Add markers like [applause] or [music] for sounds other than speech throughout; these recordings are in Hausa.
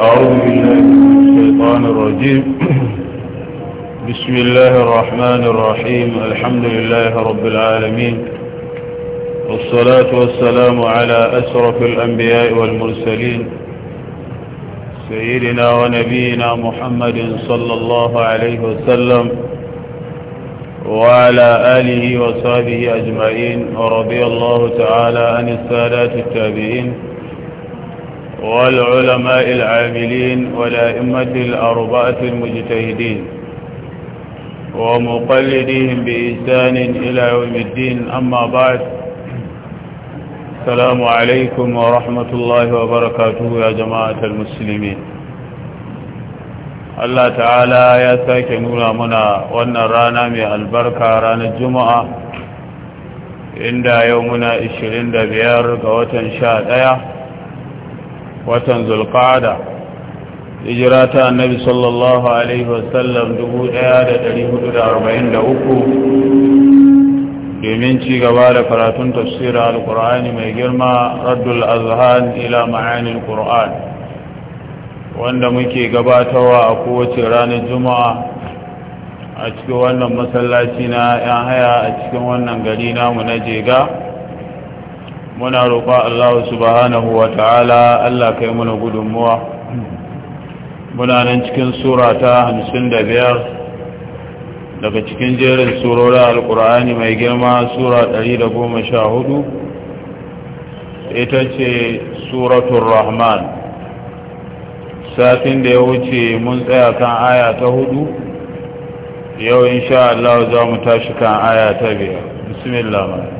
أعوذ بالله من الشيطان الرجيم [clears throat] بسم الله الرحمن الرحيم الحمد لله رب العالمين والصلاة والسلام على أسرف الأنبياء والمرسلين سيدنا ونبينا محمد صلى الله عليه وسلم وعلى آله وصحبه أجمعين ورضي الله تعالى عن السادات التابعين والعلماء العاملين والأئمة الأرباة المجتهدين ومقلديهم بإحسان إلى يوم الدين أما بعد السلام عليكم ورحمة الله وبركاته يا جماعة المسلمين الله تعالى يا ساكنون منا وأن رانا من البركة رانا الجمعة عند يومنا 25 ga watan 11 watan zulkada hijira ta annabi sallallahu alaihi wasallam 1443 domin ci gaba da karatun tafsirin alkur'ani mai girma raddul azhan ila ma'anin qur'an wanda muke gabatawa a kowace ranar juma'a a cikin wannan masallaci na 'yan haya a cikin wannan gari namu na jega muna roƙa Allah subhanahu wa ta'ala Allah kai muna gudunmuwa muna nan cikin sura ta hamsin da biyar daga cikin jerin surorin alkur'ani mai girma sura ɗari da goma sha hudu ita ce suratun rahman Safin da ya wuce mun tsaya kan aya ta hudu yau insha Allah za mu tashi kan aya ta biyar bismillah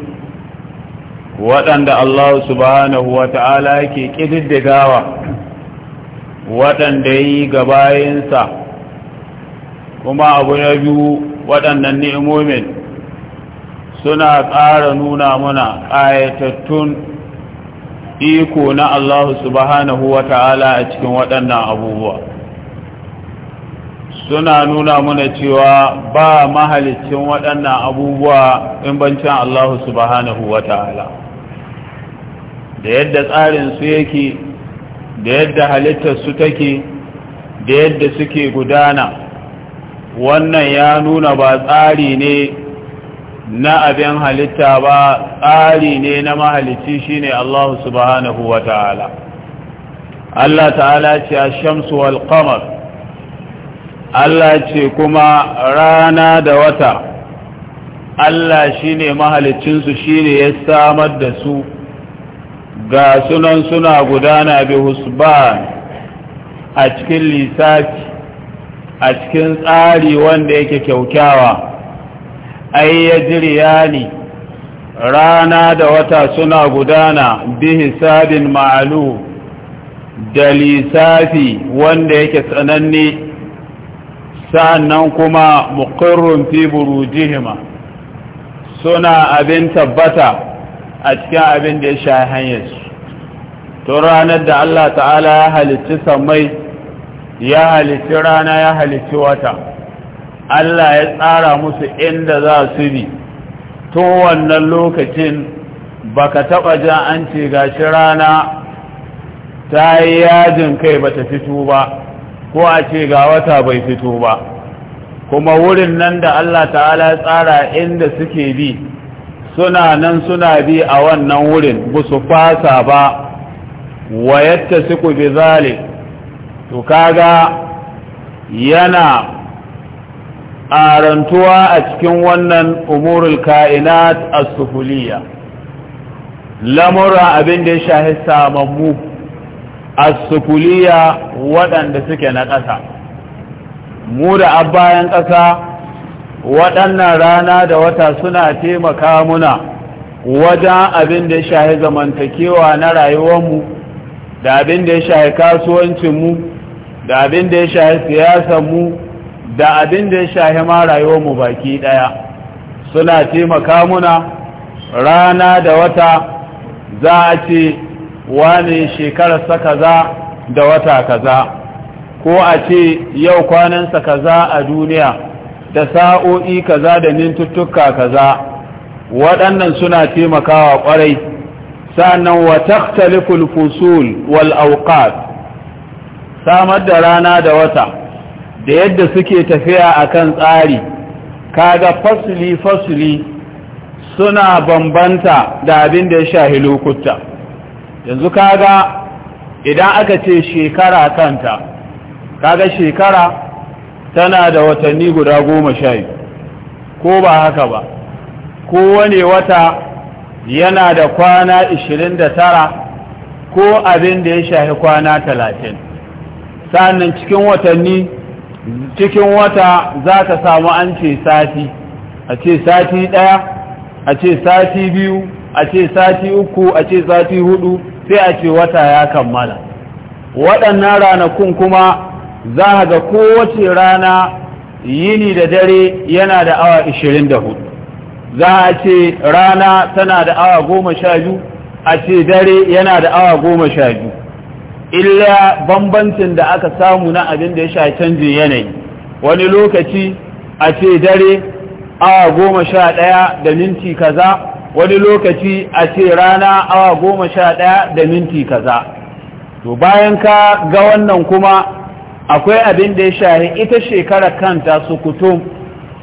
waɗanda Allah subhanahu wa ta'ala yake ƙididdigawa waɗanda yi gabayinsa kuma abu na biyu waɗannan ni'imomin suna ƙara nuna muna ƙayatattun iko na Allah subhanahu wa ta'ala a cikin waɗannan abubuwa suna nuna muna cewa ba mahalicin waɗannan abubuwa in bancin Allah subhanahu wa ta'ala da yadda tsarin su yake da yadda halittar su take da yadda suke gudana wannan ya nuna ba tsari ne na abin halitta ba tsari ne na mahalicci shine Allah subhanahu wa ta'ala Allah ta'ala ce a shamsu wal qamar Allah ce kuma rana da wata Allah shine mahalicinsu shine ya samar da su ga sunan suna gudana bi husban a cikin lissafi a cikin tsari wanda yake kyaukyawa ai ya jiriya ne rana da wata suna gudana bi hisabin ma'alu da lissafi wanda yake tsananne sannan kuma muqirrun fi burujihima suna abin tabbata a cikin abin da ya sha hanyar su to ranar da Allah ta'ala ya halicci samai ya halicci rana ya halicci wata Allah ya tsara musu inda za su bi to wannan lokacin baka taba jin an ce gashi rana ta yi yajin kai ba ta fito ba ko a ce ga wata bai fito ba kuma wurin nan da Allah ta'ala ya tsara inda suke bi suna nan suna bi a wannan wurin ba su fasa ba wa yadda suku bi zalik to kaga yana arantuwa a cikin wannan umurul ka'inat as-sufuliya lamura abin da ya shahi samammu as-sufuliya waɗanda suke na ƙasa mu da bayan ƙasa waɗannan rana da wata suna taimaka muna wajen abin da ya shahi zamantakewa na rayuwarmu da abin da ya shahi kasuwancinmu da abin da ya shahi siyasarmu da abin da ya shahi ma rayuwarmu baki ɗaya suna taimaka muna rana da wata za a ce wane shekararsa kaza da wata kaza ko a ce yau kwanansa kaza a duniya da sa'o'i kaza da mintuttuka kaza waɗannan suna taimakawa ƙwarai sa'annan wa takhtaliful fusul wal awqat samar da rana da wata da yadda suke tafiya a kan tsari kaga fasli fasli suna bambanta da abin da ya shahi lokuta yanzu kaga idan aka ce shekara kanta kaga shekara tana da watanni guda goma sha biyu ko ba haka ba kowane wata yana da kwana ishirin da tara ko abin da ya shahi kwana talatin sannan cikin watanni cikin wata za ka samu an ce sati a ce sati ɗaya a ce sati biyu a ce sati uku a ce sati hudu sai a ce wata ya kammala waɗannan ranakun kuma za a ga kowace rana yini da dare yana da awa 24 za a ce rana tana da awa 12 a ce dare yana da awa 12 illa bambancin da aka samu na abin da ya sha canjin yanayi wani lokaci a ce dare awa 11 da minti kaza wani lokaci a ce rana awa 11 da minti kaza to bayan ka ga wannan kuma akwai abin da ya shahi ita shekara kanta su kutum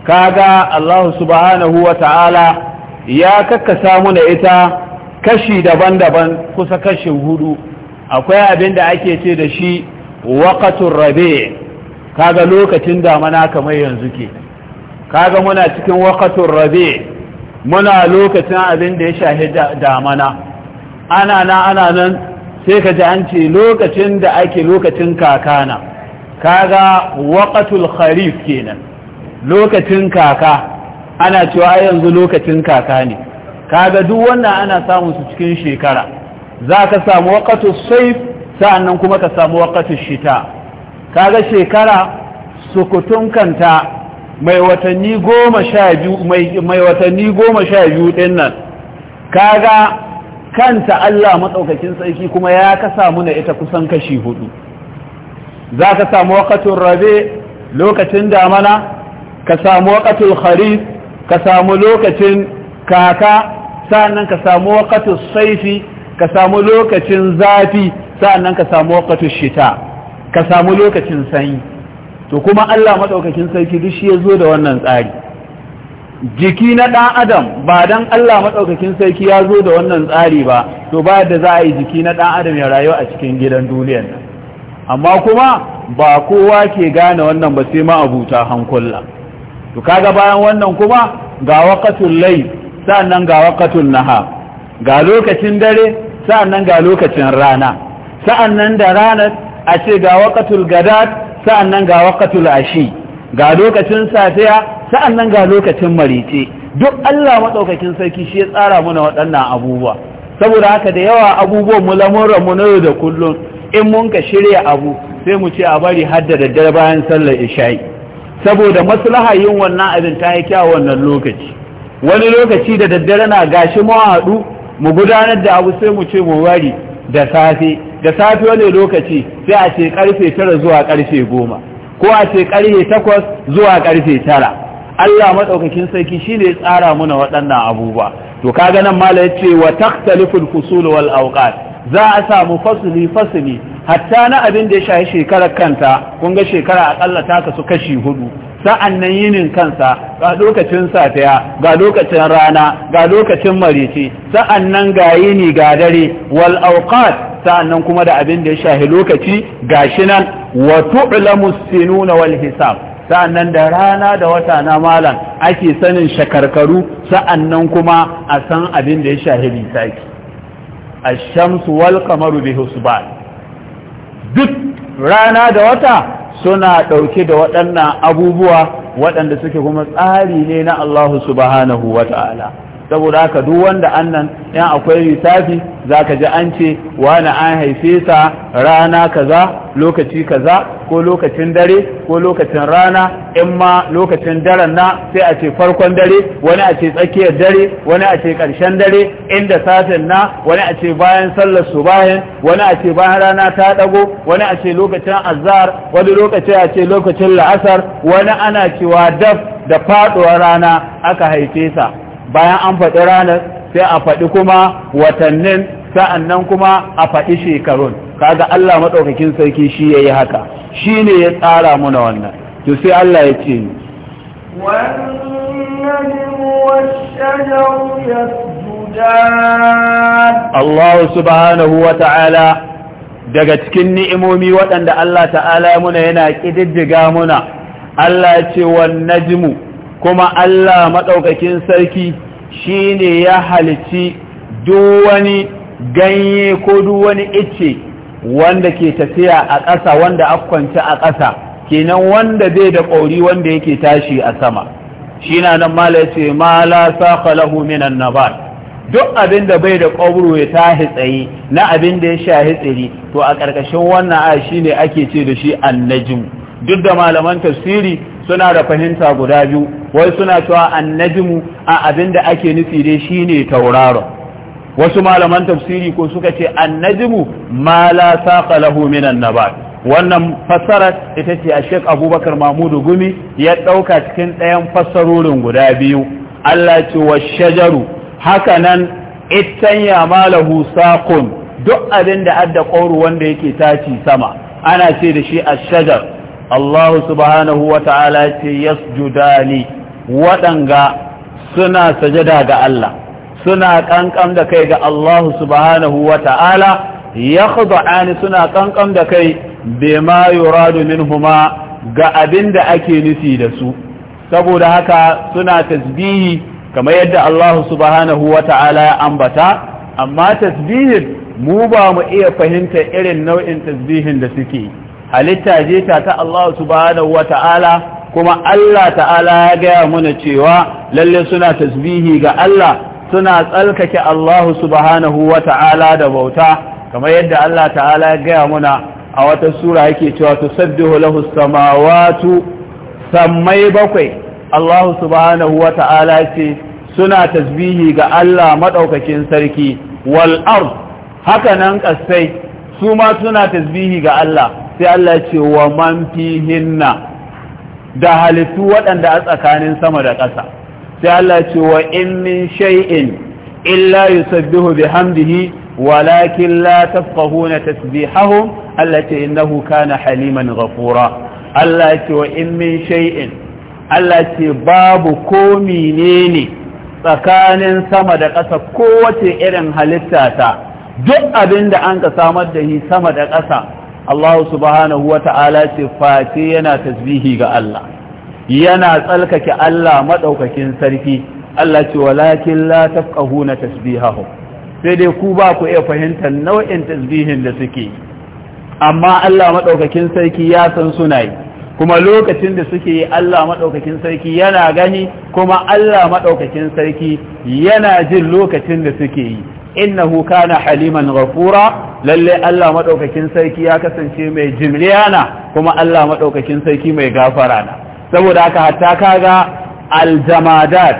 kaga Allah subhanahu wa ta'ala ya kakkasa muna ita kashi daban-daban kusa kashi hudu akwai abin da ake ce da shi waƙatun rabe kaga lokacin damana kamar yanzu ke kaga muna cikin waƙatun rabe muna lokacin abin da ya shahi damana ana na ana nan sai ka ji an ce lokacin da ake lokacin kakana kaga waqatul kharif kenan lokacin kaka ana cewa yanzu lokacin kaka ne kaga duk wannan ana samun su cikin shekara za ka samu waqatul sayf sa'annan kuma ka samu waqatul shita kaga shekara sukutun kanta mai watanni goma sha biyu mai watanni goma sha nan kaga kanta Allah matsaukakin sarki kuma ya kasa na ita kusan kashi hudu za ka samu waƙatun rabe lokacin damana ka samu waƙatun kharif ka samu lokacin kaka sa'annan ka samu waƙatun saifi ka samu lokacin zafi sa'annan ka samu waƙatun shita ka samu lokacin sanyi to kuma Allah maɗaukakin sarki duk shi ya zo da wannan tsari jiki na ɗan adam ba don Allah maɗaukakin sarki ya zo da wannan tsari ba to ba da za a yi jiki na ɗan adam ya rayu a cikin gidan duniyar nan amma kuma ba kowa ke gane wannan ba sai ma abuta hankula. to kaga bayan wannan kuma ga waqatul layl sannan ga waqatul naha. ga lokacin dare sannan ga lokacin rana sa'annan da rana a ce ga waqatul gadat sa'annan ga waqatul ashi ga lokacin safiya sa'annan ga lokacin marice duk Allah madaukakin sarki shi ya tsara mana waɗannan abubuwa saboda haka da yawa abubuwan mu mu na yau da kullun. in mun ka shirya abu sai mu ce a bari har da daddare bayan sallar isha'i saboda maslaha yin wannan abin ta yi kyawu wannan lokaci wani lokaci da daddare na gashi mu haɗu mu gudanar da abu sai mu ce mu bari da safe da safe wani lokaci sai a ce karfe tara zuwa karfe goma ko a ce karfe takwas zuwa karfe tara Allah maɗaukakin sarki shine ya tsara muna waɗannan abubuwa to kaga nan mala ce wa takhtalifu al-fusul wal awqat za a samu fasuli fasuli hatta na abin da ya shahi shekarar kanta kun ga shekara akalla ta kasu kashi hudu sa'an yinin kansa ga lokacin safiya ga lokacin rana ga lokacin marici sa'annan ga yini ga dare wal auqat kuma da abin da ya shahi lokaci gashi nan wa tu'lamu sinuna wal hisab Sa'annan da rana da wata na malam ake sanin shakarkaru sa'annan kuma a san abin da ya shahi lisaki ashamsu wal qamaru bi husban duk rana da wata suna dauke da waɗannan abubuwa waɗanda suke kuma tsari ne na Allah subhanahu wata'ala saboda haka duk wanda annan yan akwai lissafi zaka ji an ce wani an haife sa rana kaza lokaci kaza ko lokacin dare ko lokacin rana in ma lokacin daren na sai a ce farkon dare wani a ce tsakiyar dare wani a ce ƙarshen dare inda satin na wani a ce bayan sallar su bayan wani a ce bayan rana ta dago wani a ce lokacin azhar wani lokaci a ce lokacin la'asar wani ana cewa daf da faɗuwar rana aka haife sa bayan an faɗi ranar sai a faɗi kuma watannin sa'annan kuma a faɗi shekarun kaga Allah maɗaukakin sarki shi ya yi haka shi ne ya tsara muna wannan to sai Allah ya ce Allah subhanahu wa ta'ala daga cikin ni'imomi waɗanda Allah ta'ala muna yana ƙididdiga muna Allah ce wa najmu kuma Allah maɗaukakin sarki shi ne ya halici wani ganye ko wani icce, wanda ke tafiya a ƙasa wanda akwanci a ƙasa kenan wanda zai da ƙauri wanda yake tashi a sama shi na nan mala ce mala saƙa lahu minan nabat duk abin da bai da ƙauro ya tashi tsaye na abin da ya shahi tsiri to a ƙarƙashin wannan a shi ne ake ce da shi annajim duk da malaman tafsiri suna da fahimta guda biyu wai suna cewa annajimu a abin da ake nufi dai shine tauraro wasu malaman tafsiri ko suka ce annajimu ma la saqa lahu minan nabat wannan fassara ita ce a Sheikh Abubakar Mahmudu Gumi ya dauka cikin ɗayan fassarorin guda biyu Allah ce wa shajaru haka nan ya malahu saqun duk abin da adda qawru wanda yake taci sama ana ce da shi ash-shajar Allah subhanahu wa ta'ala ce yasjudani waɗanga suna sajada ga Allah suna ƙanƙan da kai ga Allah subhanahu wa ta'ala ya suna ƙanƙan da kai ma yuradu minhuma ga abin da ake nufi da su saboda haka suna tasbihi kamar yadda Allah subhanahu wa ta'ala ya ambata amma tasbihin mu ba mu iya fahimta irin nau'in tasbihin da suke yi halitta je ta ta Allah subhanahu wa ta'ala kuma Allah ta'ala ya gaya muna cewa lalle suna tasbihi ga Allah suna tsalkake Allah subhanahu wa ta'ala da bauta kamar yadda Allah ta'ala ya gaya mana a wata sura yake cewa tusabbihu lahu samawatu sammai bakwai Allah subhanahu wa ta'ala ce suna tasbihi ga Allah maɗaukakin sarki wal ard haka nan kasai su ma suna tasbihi ga Allah sai Allah ya ce wa man fihinna da halittu waɗanda a tsakanin sama da ƙasa sai Allah ya ce wa in min shay'in illa yusabbihu bihamdihi walakin la tafqahuna tasbihahum Allah ce innahu kana haliman ghafura Allah ce wa in min shay'in Allah ce babu ko ne tsakanin sama da ƙasa kowace irin halitta ta duk abin da an ka samar da shi sama da ƙasa Allah subhanahu wa ta'ala ce Fati yana tasbihi ga Allah yana tsalkake Allah maɗaukakin sarki Allah ce walakin la tafqahuna tasbihahu sai dai ku ba ku iya fahimtar nau'in tasbihin da suke amma Allah maɗaukakin sarki ya san suna yi kuma lokacin da suke yi Allah maɗaukakin sarki yana gani kuma Allah maɗaukakin sarki yana jin lokacin da suke yi innahu kana haliman ghafura lalle Allah madaukakin sarki ya kasance mai na? kuma Allah madaukakin sarki mai gafara na saboda haka hatta kaga aljamadat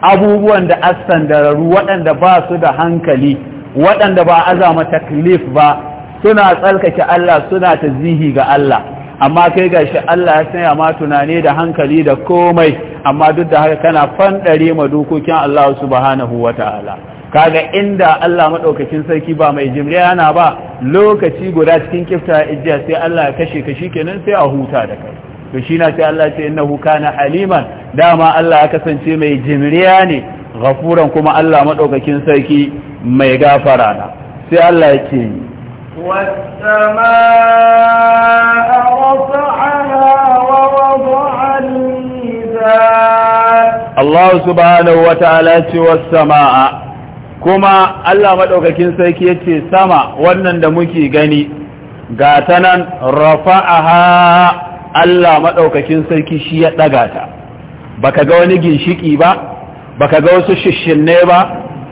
abubuwan da astandararu waɗanda ba su da hankali waɗanda ba azama taklif ba suna tsalkake Allah suna tazihi ga Allah amma kai gashi Allah ya sanya ma tunani da hankali da komai amma duk da haka kana fandare ma dokokin Allah subhanahu wataala kaga inda Allah madaukakin sarki ba mai jimriya na ba lokaci guda cikin kifta ijiya sai Allah ya kashe ka shikenan sai a huta da kai to shi na ce Allah ce innahu kana haliman dama Allah ya kasance mai jimriya ne ghafuran kuma Allah madaukakin sarki mai gafara na sai Allah ya ce والسماء رفعها ووضع الميزان الله سبحانه وتعالى والسماء kuma Allah maɗaukakin sarki ya ce sama wannan da muke gani ga ta nan rafa'aha Allah maɗaukakin sarki shi ya ɗaga ta baka ga wani ginshiki ba baka ga wasu shishinne ba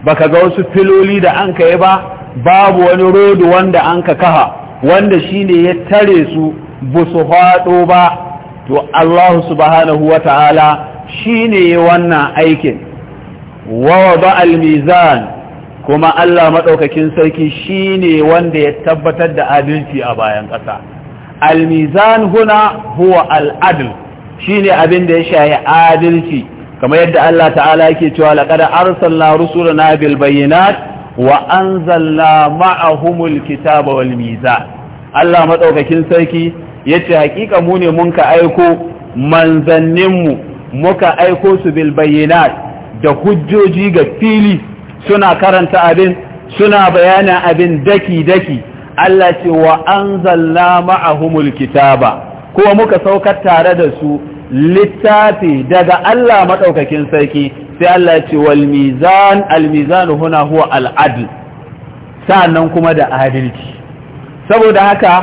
baka ga wasu filoli da an kai ba babu wani rodu wanda an ka kaha wanda shine ya tare su bu su faɗo ba to Allah subhanahu wa ta'ala shine wannan aikin wa wada al-mizan kuma Allah maɗaukakin sarki shine wanda ya tabbatar da adalci a bayan ƙasa almizan huna huwa shi shine abin da ya shaye adalci kamar yadda Allah ta'ala yake cewa laqad na rusulana bil bayyinat wa anzalna ma'ahumul kitaba wal mizan Allah maɗaukakin sarki ya ce, "Haƙiƙa mu ne mun ka aiko manzanninmu muka aiko su bil da hujjoji ga fili suna karanta abin suna bayanin abin daki-daki Allah ce wa an zalla ma'ahumul kitaba kuma muka saukar tare da su littafi daga Allah maɗaukakin sarki sai Allah ce wal mizan al mizan huna huwa al adl kuma da adalci saboda haka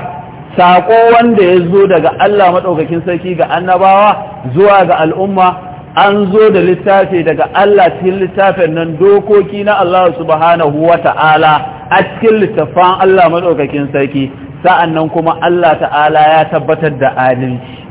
sako wanda ya zo daga Allah maɗaukakin sarki ga annabawa zuwa ga al'umma an zo da littafi daga Allah cikin littafin nan dokoki na Allah subhanahu wa ta'ala a cikin littafan Allah maɗaukakin sarki sa'an nan kuma Allah ta'ala ya tabbatar da adalci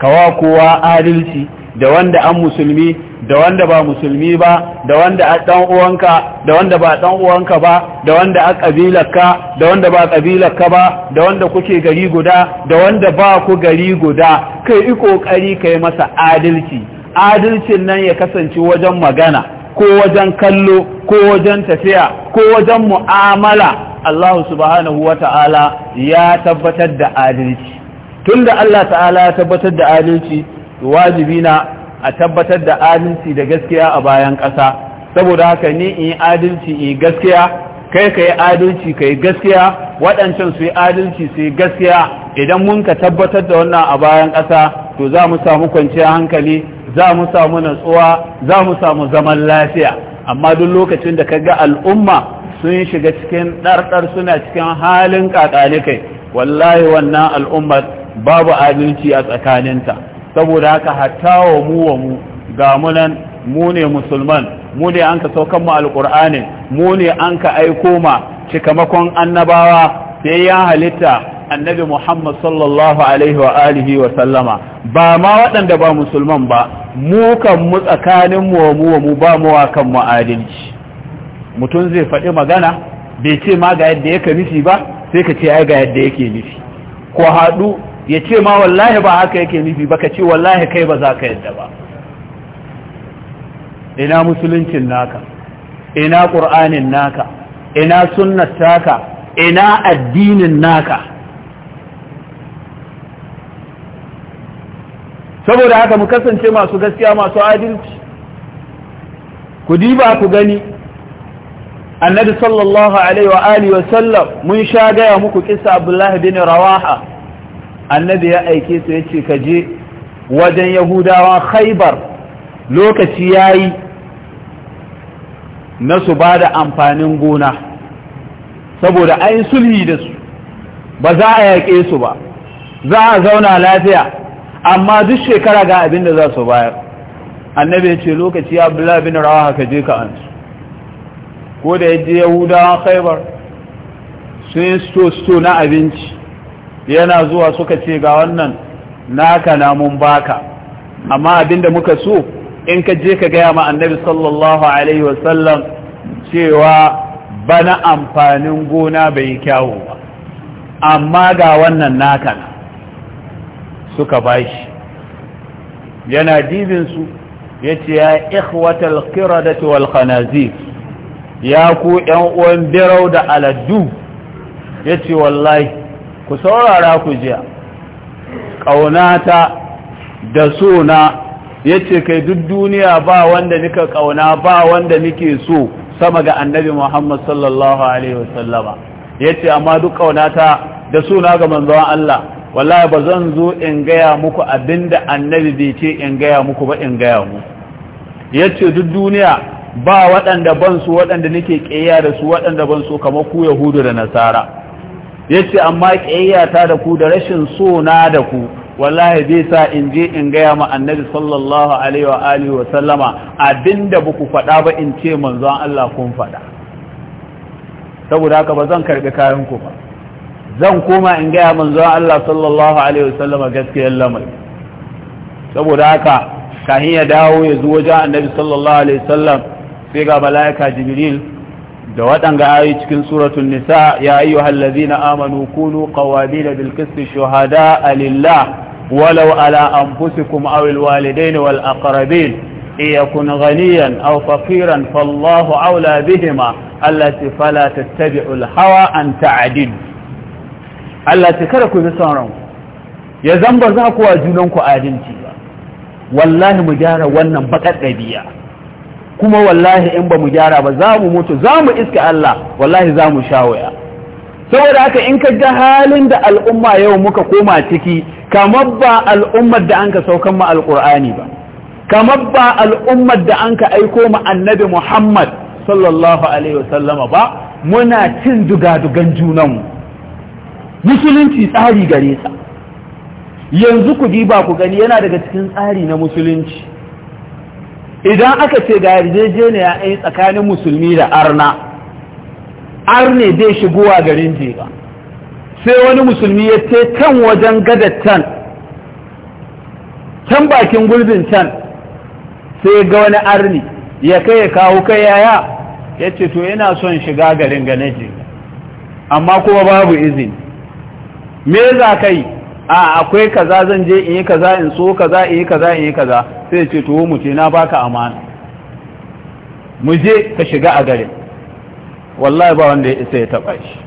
kawa kowa adalci da wanda an musulmi da wanda ba musulmi ba da wanda a ɗan uwanka da wanda ba ɗan uwanka ba da wanda a ƙabilarka da wanda ba ƙabilarka ba da wanda kuke gari guda da wanda ba ku gari guda kai yi ƙoƙari kai masa adalci adalcin nan ya kasance wajen magana ko wajen kallo ko wajen tafiya ko wajen mu'amala Allah subhanahu wa ta'ala ya tabbatar da adalci tunda Allah ta'ala ya tabbatar da adalci wajibi na a tabbatar da adalci da gaskiya a bayan ƙasa saboda haka ni in yi adalci in yi gaskiya kai ka yi adalci ka yi gaskiya waɗancan su yi adalci su yi gaskiya idan mun ka tabbatar da wannan a bayan ƙasa to za mu samu kwanciyar hankali za mu samu natsuwa za mu samu zaman lafiya amma duk lokacin da ka ga al'umma sun shiga cikin ɗarɗar suna cikin halin kai, wallahi wannan al'ummar babu abinci a tsakaninta saboda haka hatta wa mu wa mu ga munan mu ne musulman mu ne an ka saukan mu alƙur'anin mu ne an ka aiko ma cikamakon annabawa sai ya halitta annabi Muhammad sallallahu alaihi wa alihi wa sallama ba ma waɗanda ba musulman ba mu kan mu tsakanin mu wa mu wa mu ba mu wa kan mu adalci mutum zai faɗi magana bai ce ma ga yadda yake nufi ba sai ka ce ai ga yadda yake nufi ko haɗu ya ce ma wallahi ba haka yake nufi ba ka ce wallahi kai ba za ka yadda ba ina musuluncin naka ina ƙur'anin naka ina sunnar taka ina addinin naka saboda haka mu kasance masu gaskiya masu adalci ku diba ku gani annabi sallallahu alaihi wa alihi wa sallam mun sha gaya muku kisa abdullahi bin rawaha annabi ya aike su yace ka je wajen yahudawa khaybar lokaci yayi na su bada amfanin gona saboda ayin sulhi da su ba za a yaƙe su ba za a zauna lafiya amma duk shekara ga abin da za su bayar annabi ya ce lokaci ya bula bin rawa haka je ka ansu, su ko da ya je a khaibar sun sto sto na abinci yana zuwa suka ce ga wannan naka na namun baka amma abin da muka so in ka je ka gaya ma annabi sallallahu alaihi wasallam cewa bana amfanin gona bai kyawu ba amma ga wannan naka na suka bashi yana dibinsu ya ce ya ikhwatal qiradati wal khanazir ya ku yan uwan birau da aladu. ya ce wallahi ku saurara ku jiya ƙaunata da suna ya ce kai duk duniya ba wanda nika ƙauna ba wanda nike so sama ga annabi muhammad sallallahu alaihi wasallama ya ce amma duk ƙaunata da suna ga manzon Allah wallahi ba zan zo in gaya muku abinda annabi bai ce in gaya muku ba in gaya mu yace duk duniya ba waɗanda ban su waɗanda nake ƙiyayya da su waɗanda ban su kamar ku yahudu da nasara yace amma ta da ku da rashin so na da ku wallahi zai sa in je in gaya ma annabi sallallahu alaihi wa alihi wa sallama abinda baku faɗa ba in ce manzon Allah kun faɗa saboda haka ba zan karɓi kayan ku ba zan koma in gaya manzon Allah sallallahu alaihi wasallam gaskiyar lamari saboda haka kahin ya dawo ya zo wajen annabi sallallahu alaihi wasallam sai ga malaika jibril da waɗanga ayi cikin suratul nisa ya ayyuhal na amanu kunu qawabila bil qisti shuhada lillah walau ala anfusikum aw al walidain wal aqrabin iyakun ghaniyan aw faqiran fallahu aula bihima allati fala tattabi'ul hawa an ta'dilu Allah ce kada ku bi son ranku ya ba za ku wa junanku adalci ba wallahi mu gyara wannan bakar ɗabi'a kuma wallahi in ba mu gyara ba za mu mutu za mu iska Allah wallahi za mu shawaya saboda haka in ka ga halin da al'umma yau muka koma ciki kamar ba al'ummar da an ka saukan mu alƙur'ani ba kamar ba al'ummar da an ka aiko ma annabi Muhammad sallallahu alaihi wasallama ba muna cin dugadugan junanmu musulunci tsari gare sa yanzu ku ba ku gani yana daga cikin tsari na musulunci idan aka ce ga yarjejeniya a yi tsakanin musulmi da arna arne bai shigowa garin jeba sai wani musulmi ya ce kan wajen gada can bakin gurbin can sai ga wani arni ya kai ya kawo kai yaya ya ce to yana son shiga garin gane jeba amma kuma babu izini me za ka yi a akwai kaza zan je in yi kaza in so kaza in yi kaza in yi kaza sai ce to mu ce na baka amana mu je ka shiga a garin wallahi ba wanda ya isa ya taba shi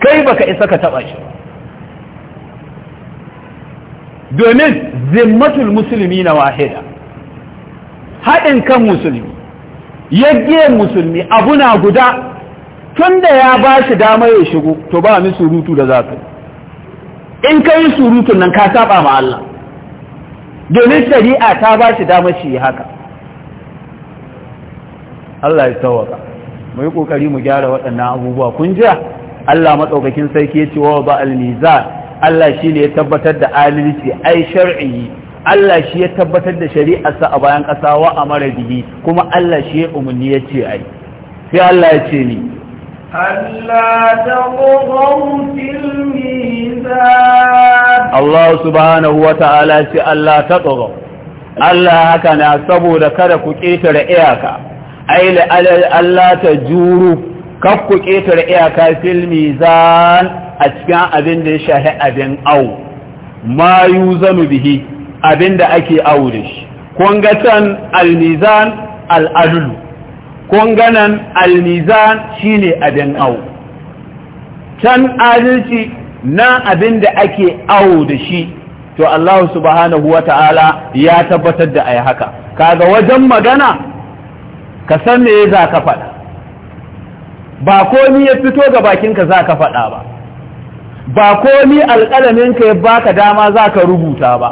kai baka isa ka taba shi domin zimmatul musulmi na wahida haɗin kan musulmi yaggiyar musulmi abu na guda tun da ya ba shi damar ya shigo to ba ni surutu da za in ka yi surutun nan ka saba ma Allah domin shari'a ta ba shi damar shi haka Allah ya tawaka mu yi kokari mu gyara waɗannan abubuwa kun jiya Allah matsaukakin sarki ya ce wa ba al Allah shi ne ya tabbatar da adalci ai shar'i Allah shi ya tabbatar da sa a bayan ƙasa wa amara kuma Allah shi ya umarni ya ce ai sai Allah ya ce ni allah subhanahu في الميزان الله سبحانه وتعالى ألا Allah haka na saboda kada ku ƙetare iyaka, aile Allah ta juru, kaf ku ƙetare iyaka fil a cikin abin da ya shahi abin au, ma yu zanu bihi abin da ake au da shi. Kun ga can al-mizan al kun ganan shi shine abin au can adalci na abin da ake au da shi to Allah subhanahu wa ta'ala ya tabbatar da ai haka kaga wajen magana ka san me za ka faɗa ba komi ya fito ga bakinka za ka faɗa ba ba komi alƙalaminka ya baka dama za ka rubuta ba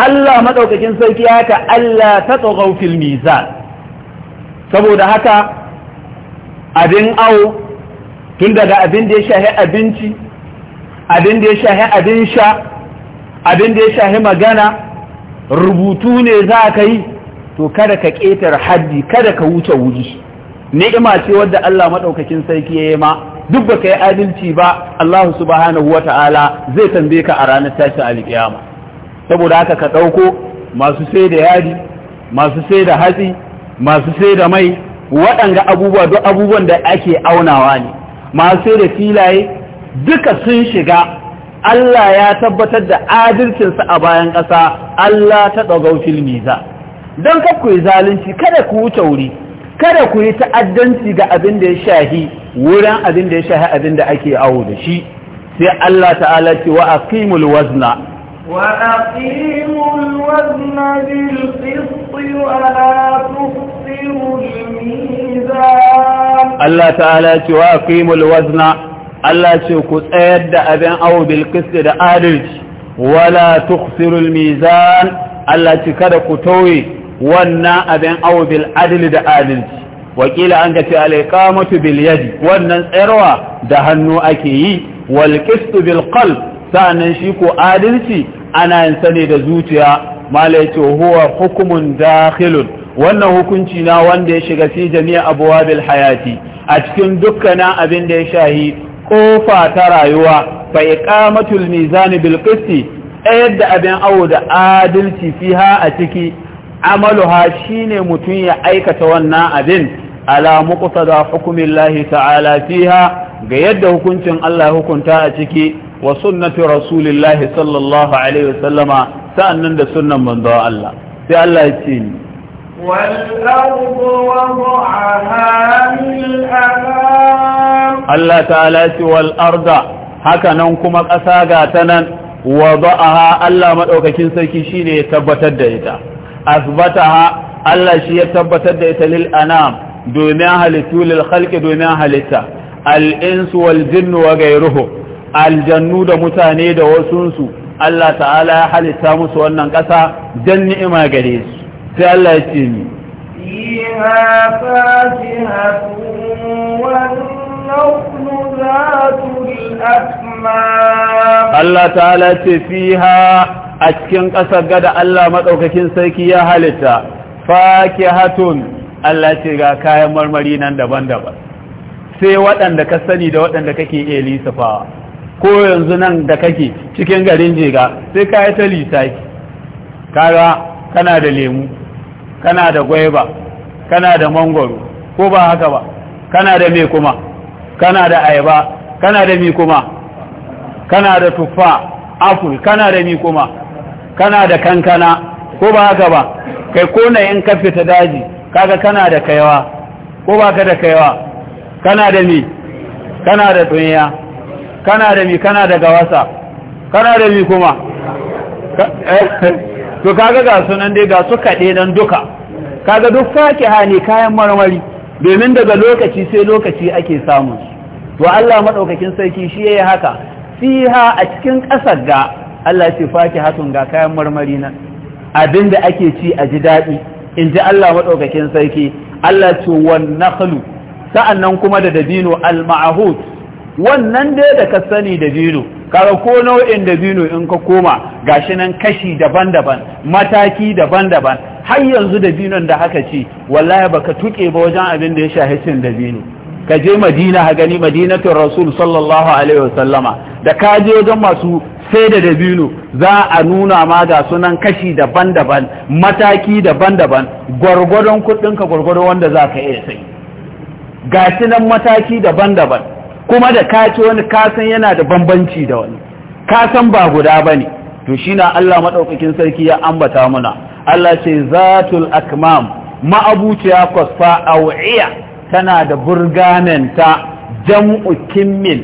Allah maɗaukakin sarki ya ka Allah ta tsogau fil mizan saboda haka abin awo tun daga abin da ya shahi abinci abin da ya shahi abin sha abin da ya shahi magana rubutu ne za ka yi to kada ka ƙetar haddi kada ka wuce wuri ni'ima ce wadda Allah maɗaukakin sarki ya yi ma duk baka yi adalci ba Allah subhanahu wa ta'ala zai tambaye ka a ranar tashin alƙiyama saboda haka ka ɗauko masu sai da yadi masu sai da hatsi masu sai da mai waɗanga abubuwa duk abubuwan da ake aunawa ne masu sai da filaye duka sun shiga Allah ya tabbatar da adalcinsa a bayan ƙasa Allah ta wucin filmiza don ku yi zalunci kada ku wuce wuri kada ku yi ta'addanci ga abin da ya shahi wurin abin da ya shahi abin da ake awo da shi sai Allah ta'ala ce wa aqimul wazna وأقيموا الوزن بالقسط ولا تخسروا الميزان الله تعالى وأقيموا الوزن الله كتئد أبن أو بالقسط لآدلج ولا تخسروا الميزان الله كده كتوي وانا أبن أو بالعدل لآدلج wakila an gace alaikamatu bil yadi wannan tsayarwa da hannu ake yi wal qistu bil qalb sa'annan shi ko adalci ana yin sani da zuciya mala yace huwa hukumun dakhilun wannan hukunci na wanda ya shiga fi jami'a abwabil hayati a cikin dukkanin abin da ya shahi kofa ta rayuwa fa iqamatul mizan bil qisti tsayar da abin awo da adalci fiha a ciki amaluha shine mutum ya aikata wannan abin ala muqtada hukumillahi ta'ala fiha ga yadda hukuncin Allah hukunta a ciki wa sunnatu rasulillahi sallallahu alaihi wasallama sa'annan da sunnan manzon Allah sai Allah ya ce والأرض وضعها للأنام الله تعالى والأرض haka nan kuma ƙasa ga ta nan wa ba'aha Allah maɗaukakin sarki shi ne ya tabbatar da ita asbataha Allah shi ya tabbatar da ita lil anam domin halittu lil khalqi domin halitta al insu wal jinnu wa aljannu da mutane da wasunsu Allah ta'ala ya halitta musu wannan ƙasa don ni'ima gare su sai Allah ya ce ni Allah ta'ala ya ce fiha a cikin ƙasar gada Allah maɗaukakin sarki ya halitta هالتا Allah ce ga kayan marmari nan daban-daban sai waɗanda ka sani da waɗanda kake iya lisafawa ko yanzu nan da kake cikin garin jega sai ka yi ta lissafi kaga kana da lemu kana da gwaiba kana da mangoro ko ba haka ba kana da me kuma kana da ayaba kana da mi kuma kana da tuffa apple kana da mi kuma kana da kankana ko ba haka ba kai ko na in ka fita daji kaga kana da kaiwa ko ba ka da kaiwa kana da mi kana da tunya kana da mi kana da gawasa kana da mi kuma eh, to kaga ga sunan dai ga su kaɗe nan duka kaga duk fakiha ne kayan marmari domin daga lokaci sai lokaci ake samu to Allah madaukakin sarki shi yayi haka fiha a cikin ƙasar ga Allah ce fakihatun ga kayan marmari nan abinda ake ci a ji daɗi in ji Allah madaukakin sarki Allah ce wan nakhlu sa'annan kuma da dabino al ma'hud wannan dai da ka sani da bino kaga ko nau'in da in ka koma gashi nan kashi daban-daban mataki daban-daban har yanzu da da haka ce. wallahi baka tuke ba wajen abin da ya shahi cin da ka je madina ha gani madinatul rasul sallallahu alaihi wasallama da ka je wajen masu sai da dabino za a nuna ma ga sunan kashi daban-daban mataki daban-daban gwargwadon kudinka gwargwadon wanda za ka iya sai ga nan mataki daban-daban kuma da ka ci wani kasan yana da bambanci da wani kasan ba guda ba ne to shi na Allah maɗaukakin sarki ya ambata muna Allah ce zatul akmam ma'abuciya kwasfa a wa'iya tana da burgananta jam'u kimmin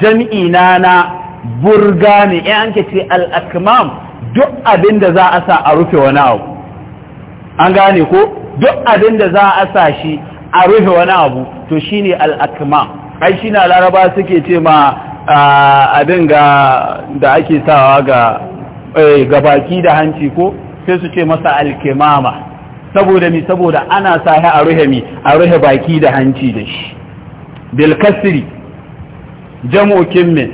jam'i na na burgane eh, an ce al-akmam duk abin da za a sa a rufe wani abu an gane ko duk abin da za a sa shi a rufe wani abu to shine al-akmam ai shi na laraba suke ce ma abin ga da ake sawa eh, ga baki da hanci ko sai su ce masa alkimama saboda mi saboda ana sahi a ruhe mi a ruhe baki da hanci da shi bilkasiri jam'u kimmin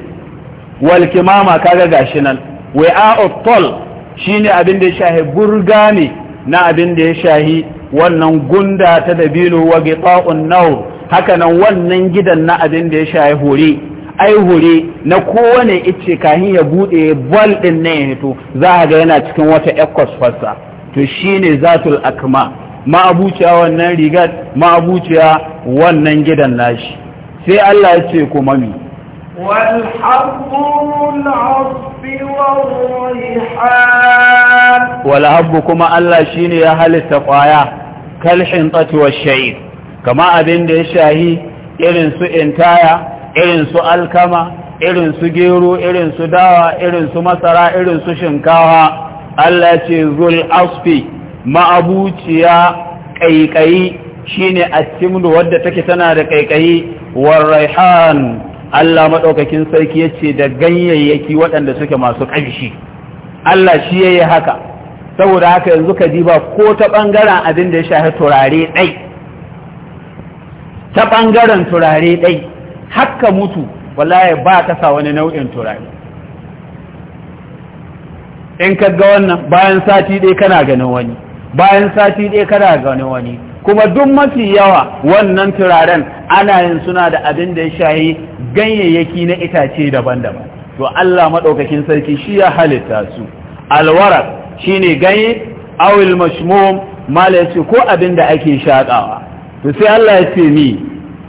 walkimama kaga gashi nan wai'a tol shine abin da ya shahi burga ne na abin da ya shahi wannan gunda ta dabino wa gita'un naur hakanan wannan gidan na abin da ya sha ya hore ai hore na kowane ice kahin ya bude bal din ne ya hito za a ga yana cikin wata ekos fasa to shine zatul akma abuciya wannan ma abuciya wannan gidan nashi sai Allah ya ce kuma mi wal habbu kuma Allah shine ya halitta يا هل التقايا wa shayin. kama abin da ya shahi irin su intaya irin su alkama irin su gero irin su dawa irin su masara irin su shinkawa Allah ce zul asfi ma'abuciya kaikayi shine at wadda take tana da kaikayi war raihan Allah madaukakin sarki yace da ganyayyaki waɗanda suke masu ƙarshi Allah shi yayi haka saboda haka yanzu ka diba ko ta bangaren abin da ya shahi turare dai ta ɓangaren turare ɗai haka mutu wallahi ba ta sa wani nau'in turare in ka wannan bayan sati ɗaya kana ganin wani bayan sati ɗaya kana ganin wani kuma duk mafi yawa wannan turaren ana yin suna da abin da ya shahi ganyayyaki na itace daban-daban to Allah maɗaukakin sarki shi ya halitta su alwarar ne ganye awil mashmum mala ko abin da ake shaƙawa to sai Allah ya ce ni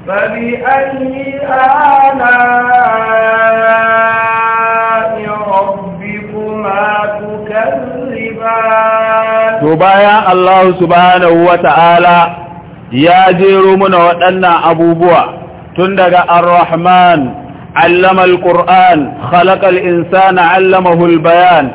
bari ayi ala To bayan Allah subhanahu wa ta'ala ya jero muna waɗannan abubuwa tun daga Ar-Rahman علم القرآن خلق الإنسان علمه البيان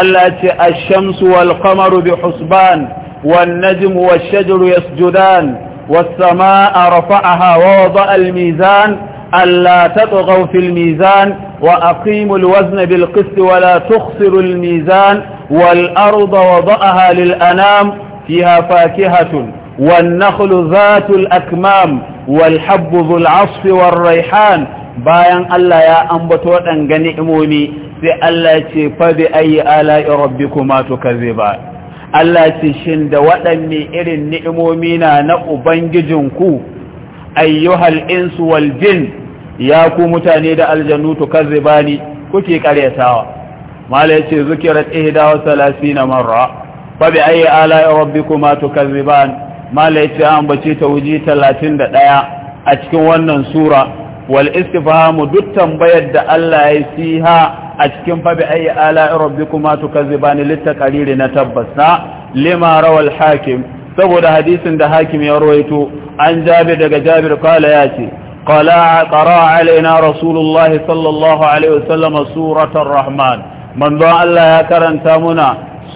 التي الشمس والقمر بحسبان والنجم والشجر يسجدان والسماء رفعها ووضع الميزان ألا تطغوا في الميزان وأقيموا الوزن بالقسط ولا تخسروا الميزان والأرض وضعها للأنام فيها فاكهة والنخل ذات الأكمام والحب ذو العصف والريحان bayan Allah ya ambato waɗanga ni'imomi sai Allah ya ce fa bi ayi ala'i rabbikuma tukazziba Allah ce shin da waɗanne irin ni'imomi na na ubangijinku ayyuhal insu wal jin ya ku mutane da aljanu tukazzibani kuke karyatawa mala ce zukirat ihda wa salasina marra fa bi ayi ala rabbikuma tukazziban mala ce an bace tauji 31 a cikin wannan sura wal istifhamu duk tambayar da Allah ya siha a cikin fa bi ayi ala rabbikuma tukazzibani litaqariri na tabbas na lima rawal hakim saboda hadisin da hakim ya rawaito an jabir daga jabir kala ya ce qala qara alaina rasulullah sallallahu alaihi wasallam suratul rahman manzo Allah ya karanta muna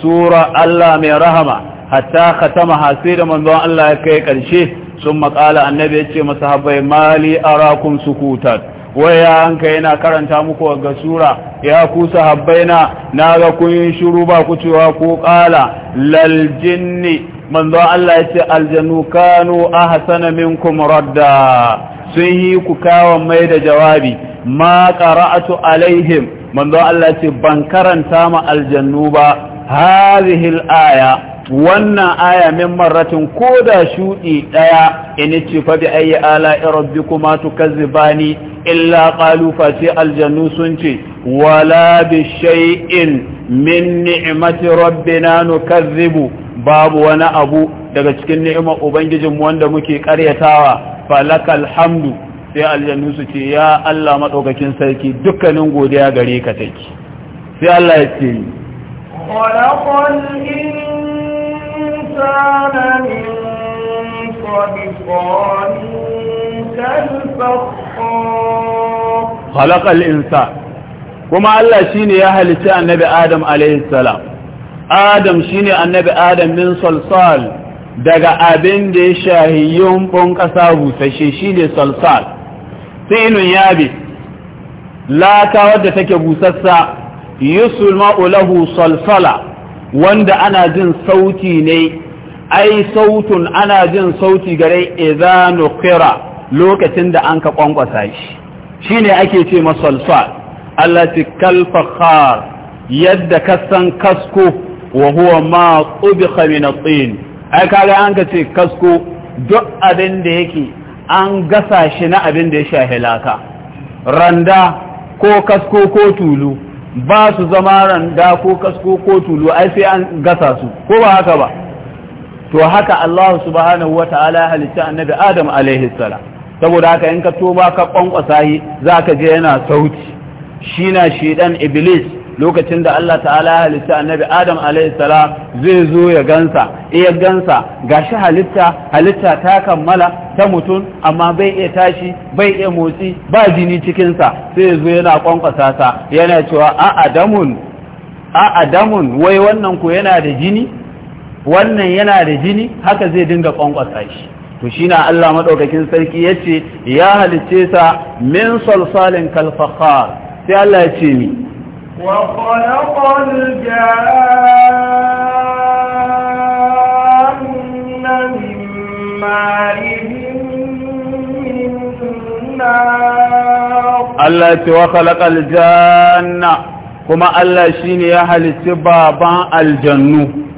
sura Allah mai rahama hatta khatamaha sai da manzo Allah ya kai karshe sun maƙala annabi ya ce masahabai mali arakum sukutat waya hanka yana karanta muku ga sura ya ku sahabbaina ga kun shiru ba ku cewa ku qala lal jinni manzo Allah ya ce aljannu kanu ahsana minkum radda sun yi ku kawo mai da jawabi ma qara'atu alaihim manzo Allah ya ce ban karanta ma aljannu ba hadhihi al-aya wannan aya min marratin ko da shuɗi ɗaya in ce fa bi ayi ala rabbi kuma tukazzibani illa qalu fa ce aljannu sun ce wala bi shay'in min ni'mati rabbina nukazzibu babu wani abu daga cikin ni'imar ubangijinmu wanda muke karyatawa falakal hamdu sai aljannu su ce ya Allah madaukakin sarki dukkanin godiya gare ka take sai Allah ya ce خلق الإنسان من صدقان كالفخار خلق الإنسان كما الله شيني يا أهل النبي آدم عليه السلام آدم شيني النبي آدم من صلصال daga abin da ya shahi yumbun ƙasa busashe shi ne salsal tsinun yabe laka wadda take busassa yusul ma'ulahu salsala wanda ana jin sauti ne ai sautun ana jin sauti gare izanu qira lokacin da an ka kwankwasa shi shine ake ce masalsal allati kalfakhar yadda kasan kasko wa huwa ma qubqa min at-tin ai kaga an ka ce kasko duk abin da yake an gasa shi na abin da ya shahi laka randa ko kasko ko tulu ba su zama randa ko kasko ko tulu ai sai an gasa su ko ba haka ba to haka Allah subhanahu wa ta'ala halitta annabi Adam alaihi sala saboda haka in ka tuba ka kwankwasa za ka je yana sauti shi na shedan iblis lokacin da Allah ta'ala halitta annabi Adam alaihi sala zai zo ya gansa iya gansa ga shi halitta halitta ta kammala ta mutum amma bai iya tashi bai iya motsi ba jini cikinsa sai zo yana kwankwasa ta yana cewa a adamun a adamun wai wannan ko yana da jini wannan yana da jini haka zai dinga kwankwasa shi to shi na Allah maɗaukakin sarki ya ce ya halicce sa min salsalin kalfakar sai Allah ya ce ni Allah ce wa khalaqal janna kuma Allah shine ya halicci baban aljannu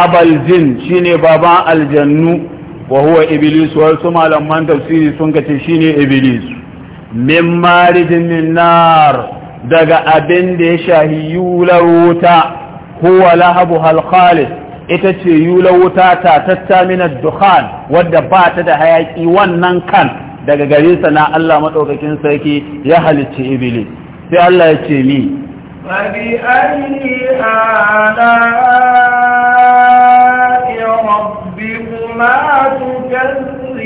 abaljin shine baban aljannu wa huwa iblis wa su malaman tafsiri sun kace shine iblis min marijin min nar daga abin da ya shahi yular wuta huwa lahabu hal khalis ita ce yular wuta ta tatta min ad-dukhan wadda ba ta da hayaki wannan kan daga sa na Allah madaukakin sarki ya halicci iblis sai Allah ya ce ni فبأي آلاء ما تكذبان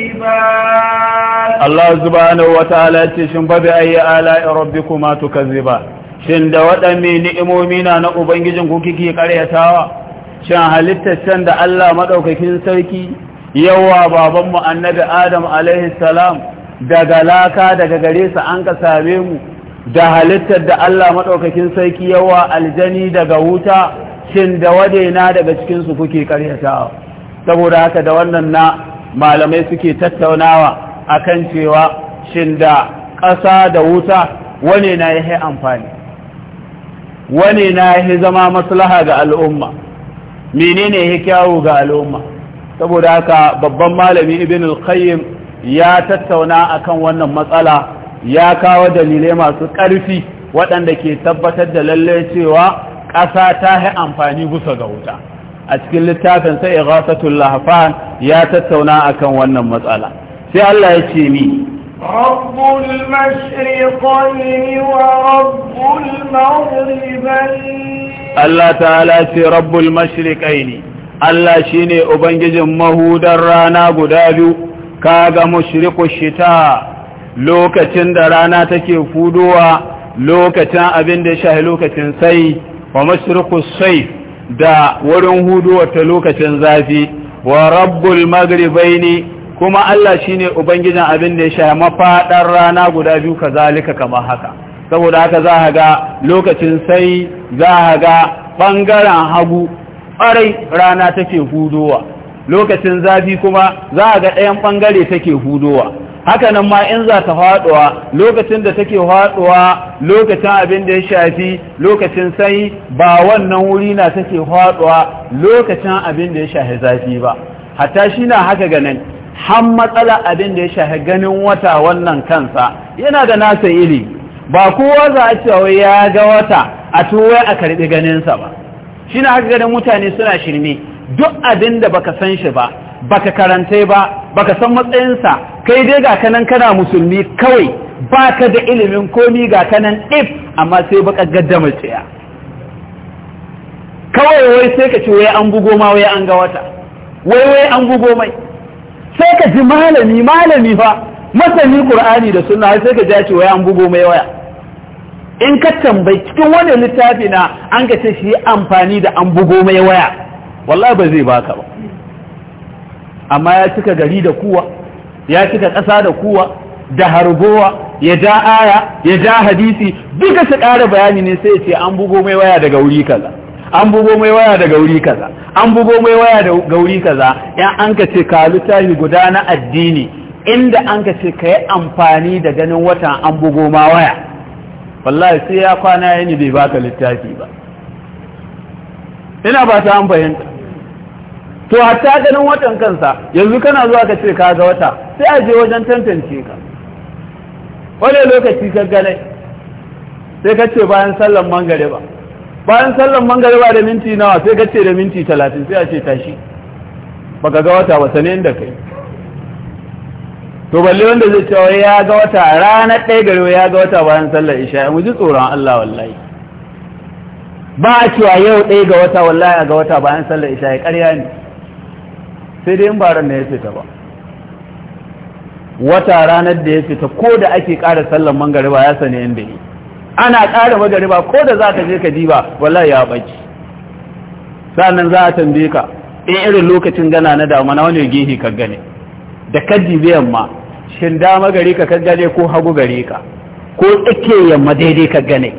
الله سبحانه وتعالى تشن بأي آلاء ربكما تكذبان shin da waɗanne ni'imomi na na ubangijin ku kike karyatawa shin halittar can da Allah madaukakin sarki yawa babanmu annabi Adam alaihi salam daga laka daga gare sa an ka same mu da halittar da Allah maɗaukakin sarki yawa aljani daga wuta shin da wadaina daga cikinsu kuke karyatawa saboda haka da wannan na malamai suke tattaunawa akan cewa shin da ƙasa da wuta wane na yi amfani wane na yi zama maslaha ga al'umma menene ya kyawu ga al'umma saboda haka babban malami ibn al-qayyim ya tattauna akan wannan matsala ya kawo dalilai masu ƙarfi waɗanda ke tabbatar da lallai cewa ƙasa ta yi amfani gusa ga wuta a cikin littafin sai ighasatul lahfan ya tattauna akan wannan matsala sai Allah ya ce ni rabbul mashriqayn wa rabbul Allah ta'ala ce rabbul mashriqayn Allah shine ubangijin mahudar rana guda biyu kaga mushriqush shita lokacin da rana take fudowa lokacin abin da shahi lokacin sai wa mashriqus sayf da wurin hudu wata lokacin zafi wa rabbul ne, kuma Allah shine ubangijin abin da ya sha mafadar rana guda biyu kazalika kamar haka saboda haka za a ga lokacin sai za a ga bangaren hagu ɓarai rana take hudowa lokacin zafi kuma za a ga ɗayan bangare take hudowa haka nan ma in za ta faduwa lokacin da take faduwa lokacin abin da ya shafi lokacin sai ba wannan wuri na take faduwa lokacin abin da ya shafi zafi ba hatta shi na haka ganin har matsala abin da ya shafi ganin wata wannan kansa yana da nasa ili ba kowa za a cewa ya ga wata a tuwai a karbi ganinsa ba shi na haka ganin mutane suna shirme duk abin da baka san shi ba baka karantai ba baka san matsayinsa kai dai ga kanan kana musulmi kawai ba ka da ilimin komi ga kanan if amma sai baka gaddamar tsaya kawai wai sai ka ce wai an bugo ma wai an ga wata wai wai an bugo mai sai ka ji malami malami fa masani qur'ani da sunna sai ka ji ce wai an bugo mai waya in ka tambayi cikin wani littafi na an ga ce shi amfani da an bugo mai waya wallahi ba zai baka ba amma ya cika gari da kuwa ya cika ƙasa da kuwa da harbowa ya ja aya ya ja hadisi duka su ƙara bayani ne sai ce an bugo mai waya daga wuri kaza an bugo mai waya daga wuri kaza an bugo mai waya daga wuri kaza ya an ka ce ka littafi guda na addini inda an ka ce ka yi amfani da ganin watan an bugo ma waya wallahi sai ya kwana yini bai baka littafi ba ina ba ta an fahimta to hatta ganin watan kansa yanzu kana zuwa ka ce ka ga wata sai a je wajen tantance ka wani lokaci ka gane sai ka ce bayan sallan ba bayan sallan ba da minti nawa sai ka ce da minti talatin sai a ce tashi baka ga wata ba sanin da kai to balle wanda zai cewa ya ga wata ranar ɗaya gari ya ga wata bayan sallar isha mu ji tsoron Allah wallahi ba a cewa yau ɗaya ga wata wallahi a ga wata bayan sallar isha ya ƙarya ne sai dai in ba ran ya fita ba wata ranar da ya fita ko da ake ƙara sallan mangariba ya sani inda ne ana ƙara magariba ko da za ka je ka diba wallahi ya baki sannan za a tambaye ka in eh, irin lokacin gana na dama na wani gehe ka gane da ka biyan ma shin dama gari ka ka gane ko hagu gari ka ko tsake yamma daidai ka gane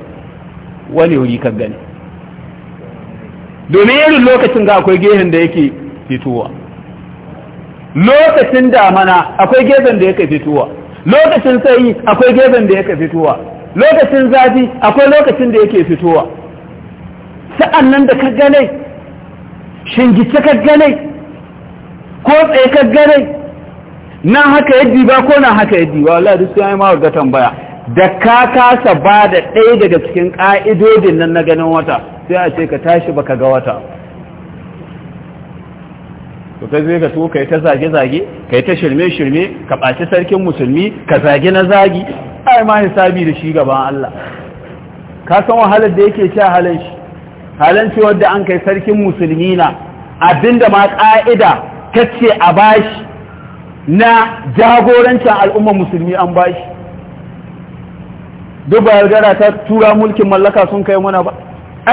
wani wuri ka gane domin irin lokacin ga akwai gehen da yake fitowa lokacin damana akwai gefen da yake fitowa lokacin sanyi akwai gefen da yake fitowa lokacin zafi akwai lokacin da yake fitowa sa'an nan da ka gane shingice ka gane ko tsaye ka gane na haka yaddi ba ko na haka yaddi ba Allah duk sai ma ga tambaya da ka kasa ba da ɗaya daga cikin ƙa'idodin nan na ganin wata sai a ce ka tashi baka ga wata to kai zai ka tuka kai ta zage zage kai ta shirme shirme ka baci sarkin musulmi ka zage na zagi ai ma hisabi da shi gaban Allah ka san wahalar da yake cewa halan shi halan ce wanda an kai sarkin musulmi na abinda ma ka'ida kace a bashi na jagorancin al'ummar musulmi an bashi duk ba gara ta tura mulkin mallaka sun kai mana ba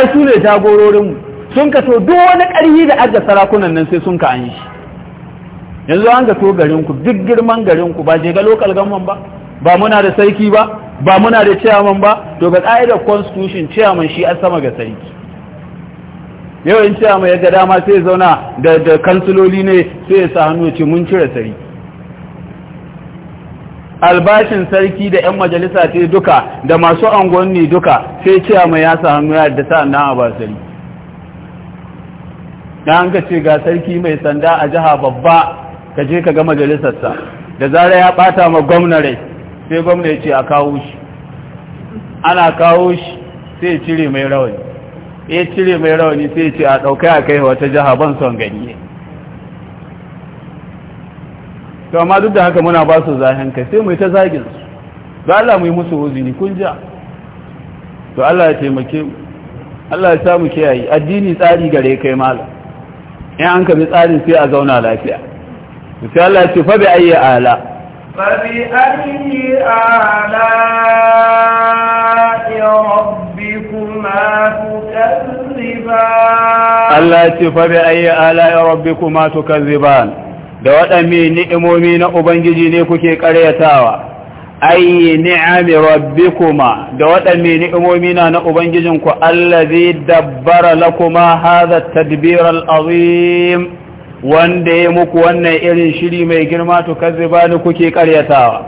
ai su ne jagororinmu sun ka so duk wani ƙarfi da adda sarakunan nan sai sun ka an shi yanzu an ga to garin ku duk girman garin ku ba je ga local government ba ba muna da sarki ba ba muna da chairman ba to ga ƙa'idar constitution chairman shi an sama ga sarki yau in chairman ya ga dama sai zauna da da kansiloli ne sai ya sa hannu ce mun cire sarki albashin sarki da 'yan majalisa ce duka da masu anguwanni duka sai chairman ya sa hannu ya da sa'an na ba sarki na an ce ga sarki mai sanda a jiha babba ka je ka ga majalisarsa da zara ya bata ma gwamnare sai gwamna ya ce a kawo shi ana kawo shi sai ya cire mai rawani ya cire mai rawani sai ya ce a ɗaukai a kai wata jiha ban son gani to amma duk da haka muna ba su zahen kai sai mai ta zagin su ga Allah mu yi musu uzini kun ja to Allah ya taimake mu Allah ya samu kiyaye addini tsari gare kai malam in an ka bi tsarin sai a zauna lafiya sai Allah ce fa bi ayi ala fa bi ayi ala ya rabbikuma tukazziban Allah ce fa bi ayi ala ya rabbikuma tukazziban da waɗanne ni'imomi na ubangiji ne kuke ƙaryatawa ayi ni'ami rabbikuma da waɗanne ni'imomi na na ubangijinku allazi dabbara lakuma hadha tadbir al-azim wanda ya muku wannan irin shiri mai girma to kazzibani kuke karyatawa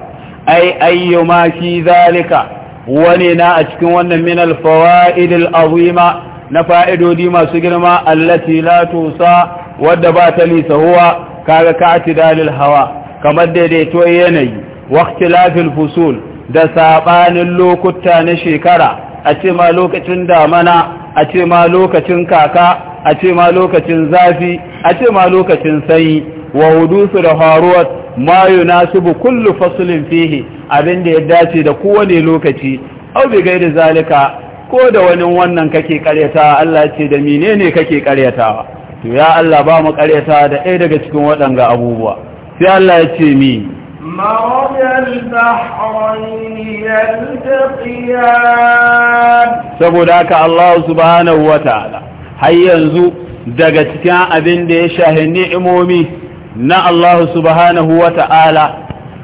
ai ayyuma fi zalika wani na a cikin wannan min al-fawaid al-azima na fa'idodi masu girma allati la tusa wadda ba ta lisa huwa kaga ka atidalil hawa kamar daidaito yanayi waktilafil fusul da saɓanin lokuta na shekara a ce ma lokacin damana a ce ma lokacin kaka a ce ma lokacin zafi a ce ma lokacin sanyi wa hudusu da faruwar ma yunasibu kullu fasulin fihi abin da ya dace da kowane lokaci au bi gairi zalika ko da wani wannan kake karyatawa Allah ce da menene kake karyatawa to ya Allah ba mu karyatawa da ɗaya daga cikin waɗanga abubuwa sai Allah ya ce mi مرج البحرين يلتقيان saboda haka Allah subhanahu har yanzu daga cikin abin da ya shahi ni'imomi na Allah subhanahu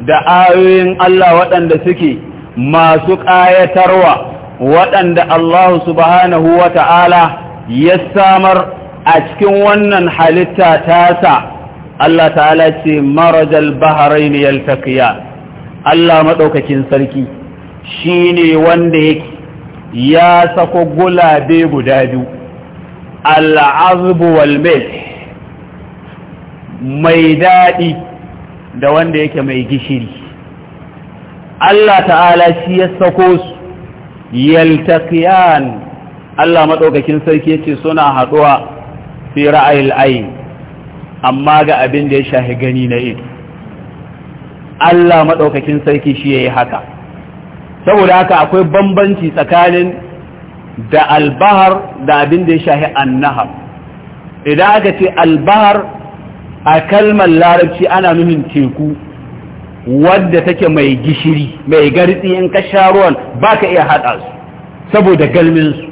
da ayoyin Allah waɗanda suke masu ƙayatarwa waɗanda Allah subhanahu ta'ala ya samar a cikin wannan halitta tasa Allah ta'ala ce marajal bahrain yaltaqiya Allah madaukakin sarki shine wanda yake ya sako gulabe guda biyu al'azbu wal mai daɗi da wanda yake mai gishiri Allah ta'ala shi ya sako su yaltaqiyan Allah madaukakin sarki yace suna haduwa fi ra'ayil ayn amma ga abin da ya shahi gani na ido Allah maɗaukakin sarki shi ya yi haka saboda haka akwai bambanci tsakanin da albahar da abin da ya shahi annahar idan aka ce albahar a kalmar larabci ana nufin teku wadda take mai gishiri mai gartsi in ka sha ruwan ba ka iya haɗa su saboda su.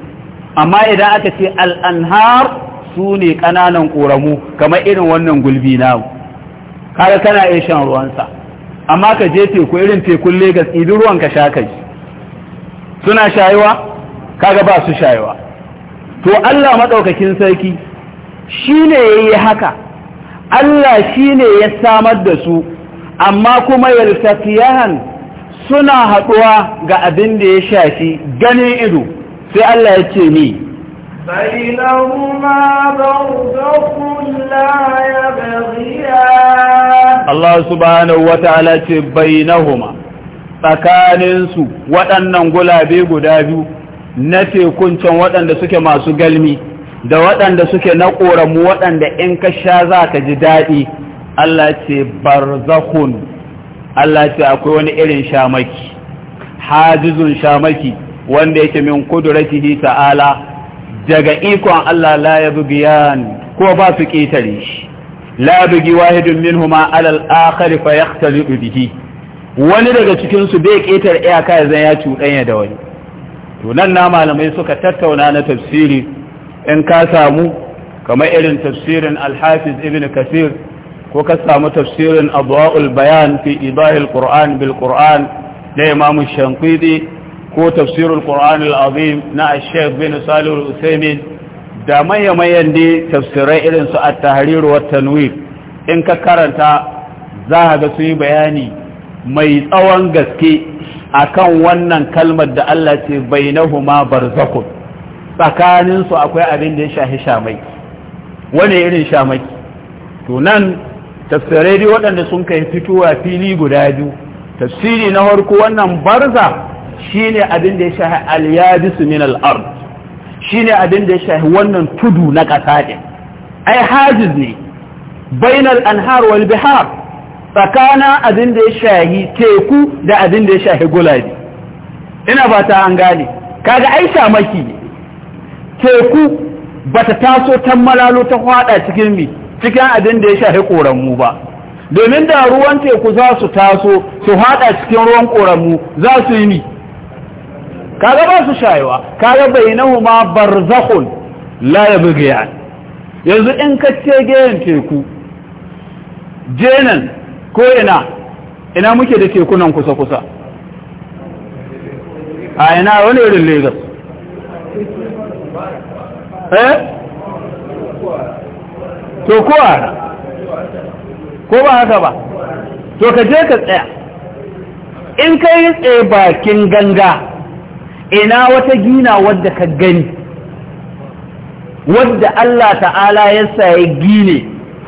amma idan aka ce al'anhar su ne ƙananan ƙoramu kamar irin wannan gulbi namu kada kana iya shan ruwansa amma ka je teku irin tekun Legas idin ruwan ka sha ka suna shayewa kaga ba su shayewa to Allah maɗaukakin sarki shi ne ya yi haka Allah shi ne ya samar da su amma kuma yaltaqiyan suna haɗuwa ga abin da ya shafi ganin ido sai Allah ya ce ni Allah subhanahu wa ta'ala ce bainahuma tsakaninsu waɗannan gulabe guda biyu na tekun can waɗanda suke masu galmi da waɗanda suke na ƙoramu waɗanda in ka sha za ka ji daɗi Allah ce barzakhun Allah ce akwai wani irin shamaki hajizun shamaki wanda yake min kudratihi ta'ala daga ikon Allah la yabghiyan ko ba su ƙetare shi la bugi wahidun minhuma alal akhari fa yaxtalidu bihi wani daga cikin su bai ƙetare iyaka ya zan ya cuɗanya da wani to nan na malamai suka tattauna na tafsiri in ka samu kamar irin tafsirin al-hafiz ibn kasir ko ka samu tafsirin abwa'ul bayan fi idahil qur'an bil qur'an da imam shanqidi ko tafsirul ƙur'ani al-azim na ashef bin salih usaimin da mayamayan da tafsirai irin su at tanwir in ka karanta za a ga su yi bayani mai tsawon gaske akan wannan kalmar da Allah ce bainahuma barzakhun tsakanin Tsakaninsu akwai abin da ya shahi shamaki, wani irin shamaki. to nan tafsirai waɗanda sun kai fitowa fili guda biyu tafsiri na farko wannan barza shine abin da ya shahi al-yabisu min al-ard shine abin da ya shahi wannan tudu na ƙasa ɗin ai hajiz ne bainal anhar wal bihar tsakana abin da ya shahi teku da abin da ya shahi gulabi ina ba ta an gane kaga ai shamaki ne teku bata taso tan malalo ta hwada cikin mi cikin abin da ya shahi mu ba domin da ruwan teku za su taso su haɗa cikin ruwan mu za su yi ni kaga ba su shayewa kaga ma barzakhun la yabghiyan yanzu in ka ce geyen teku jenan ko ina ina muke da tekunan kusa kusa a ina wani irin Lagos eh to kuwa ko ba haka ba to ka je ka tsaya in ka yi tsaye bakin ganga ina wata gina wadda ka gani wadda Allah ta'ala ya saye gine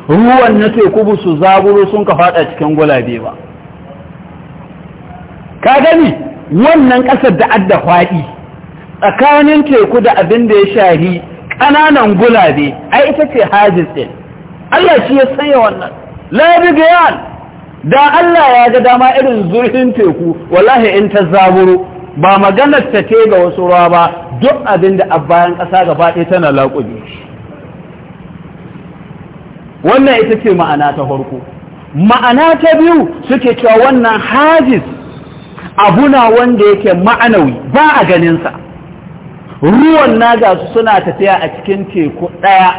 ruwan na teku su zaburo sun ka fada cikin gulabe ba ka gani wannan ƙasar da adda kwaɗi tsakanin teku da abin da ya shari ƙananan gulabe ai ita ce hajis ɗin Allah shi ya sanya wannan labigayan da Allah ya ga dama irin zurfin teku wallahi in ta zaburo ba maganar ta ce ga wasu ruwa ba duk abin da bayan ƙasa gaba ɗaya tana laƙubi wannan ita ce ma'ana ta farko ma'ana ta biyu suke cewa wannan hajis abuna wanda yake ma'anawi ba a ganinsa ruwan na gasu suna tafiya a cikin teku ɗaya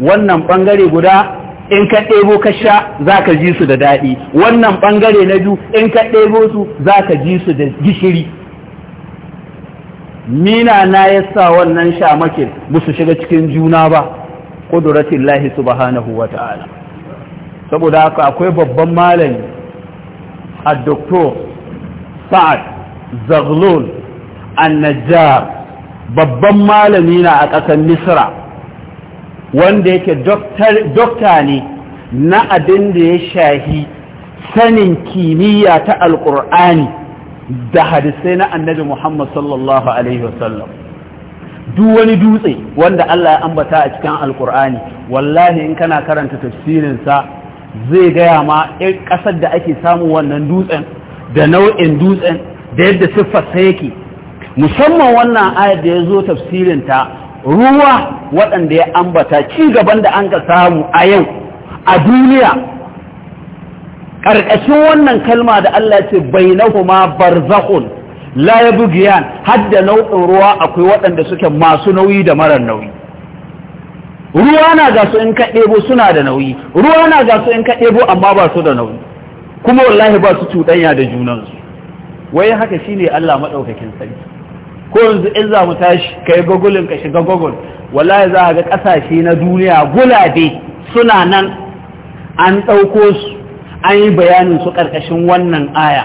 wannan ɓangare guda in ka ɗebo ka sha za ka ji su da daɗi wannan ɓangare na biyu in ka ɗebo su za ka ji su da gishiri mina na ya sa wannan shamakin ba su shiga cikin juna ba ƙuduratin lahi subhanahu wa ta'ala saboda haka akwai babban malami a doktor sa'ad zaglul najjar babban malami na a ƙasar misra wanda yake dokta ne na abin da ya shahi sanin kimiyya ta alkur'ani da hadisai na annabi muhammad sallallahu alaihi wasallam duk wani dutse wanda allah ya ambata a cikin alkur'ani wallahi in kana karanta tafsirinsa zai gaya ma ɗin ƙasar da ake samun wannan dutsen da nau'in dutsen da yadda siffarsa yake musamman wannan ayar da ya zo tafsirinta ruwa waɗanda ya ambata ci gaban da an ka samu a yau a duniya ƙarƙashin wannan kalma da Allah ce ma barzakhun la yabghiyan hadda nau'in ruwa akwai waɗanda suke masu nauyi da marar nauyi ruwa na ga su in ka bo suna da nauyi ruwa na ga su in ka bo amma ba su da nauyi kuma wallahi ba su cuɗanya da junansu wai haka shine Allah maɗaukakin sarki ko yanzu in za mu tashi ka yi gogulin ka shiga gogul wallahi za a ga ƙasashe na duniya gulabe suna nan an ɗauko su an yi bayanin su ƙarƙashin wannan aya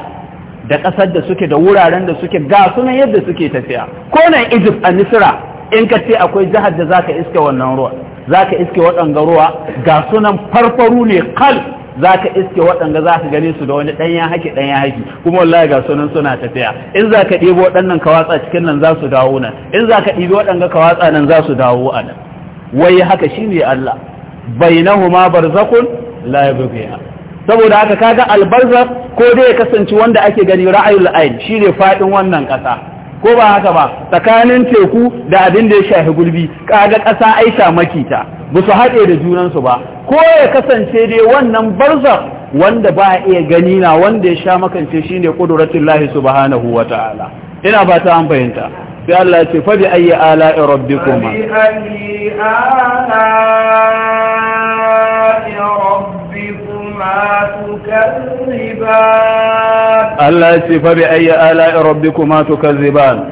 da ƙasar da suke da wuraren da suke ga sunan yadda suke tafiya ko nan egypt a misira in ka ce akwai jihar da za ka iske wannan ruwa za ka iske waɗanga ruwa ga sunan farfaru ne kal za ka iske waɗanda za ka gane su da wani ɗanya haki ɗanya haki kuma wallahi ga sunan suna tafiya in za ka ɗibo waɗannan ka watsa cikin nan za su dawo nan in za ka ɗibi waɗanda ka watsa nan za su dawo a nan wai haka shi ne Allah bainahuma barzakun la yabghiya saboda haka kaga albarza ko dai ya kasance wanda ake gani ra'ayul ayn ne faɗin wannan ƙasa. ko ba haka ba tsakanin teku da abin da ya shafi gulbi kaga ƙasa ai makita ta ba su haɗe da junansu ba ko ya kasance dai wannan barzak wanda ba a iya gani na wanda ya sha makance shi shine lahi subhanahu ta'ala. ina ba ta an fahimta sai Allah ya ce fa bi Ala ala'i rabbikuma تكذبان الله يتي فبأي آلاء ربكما تكذبان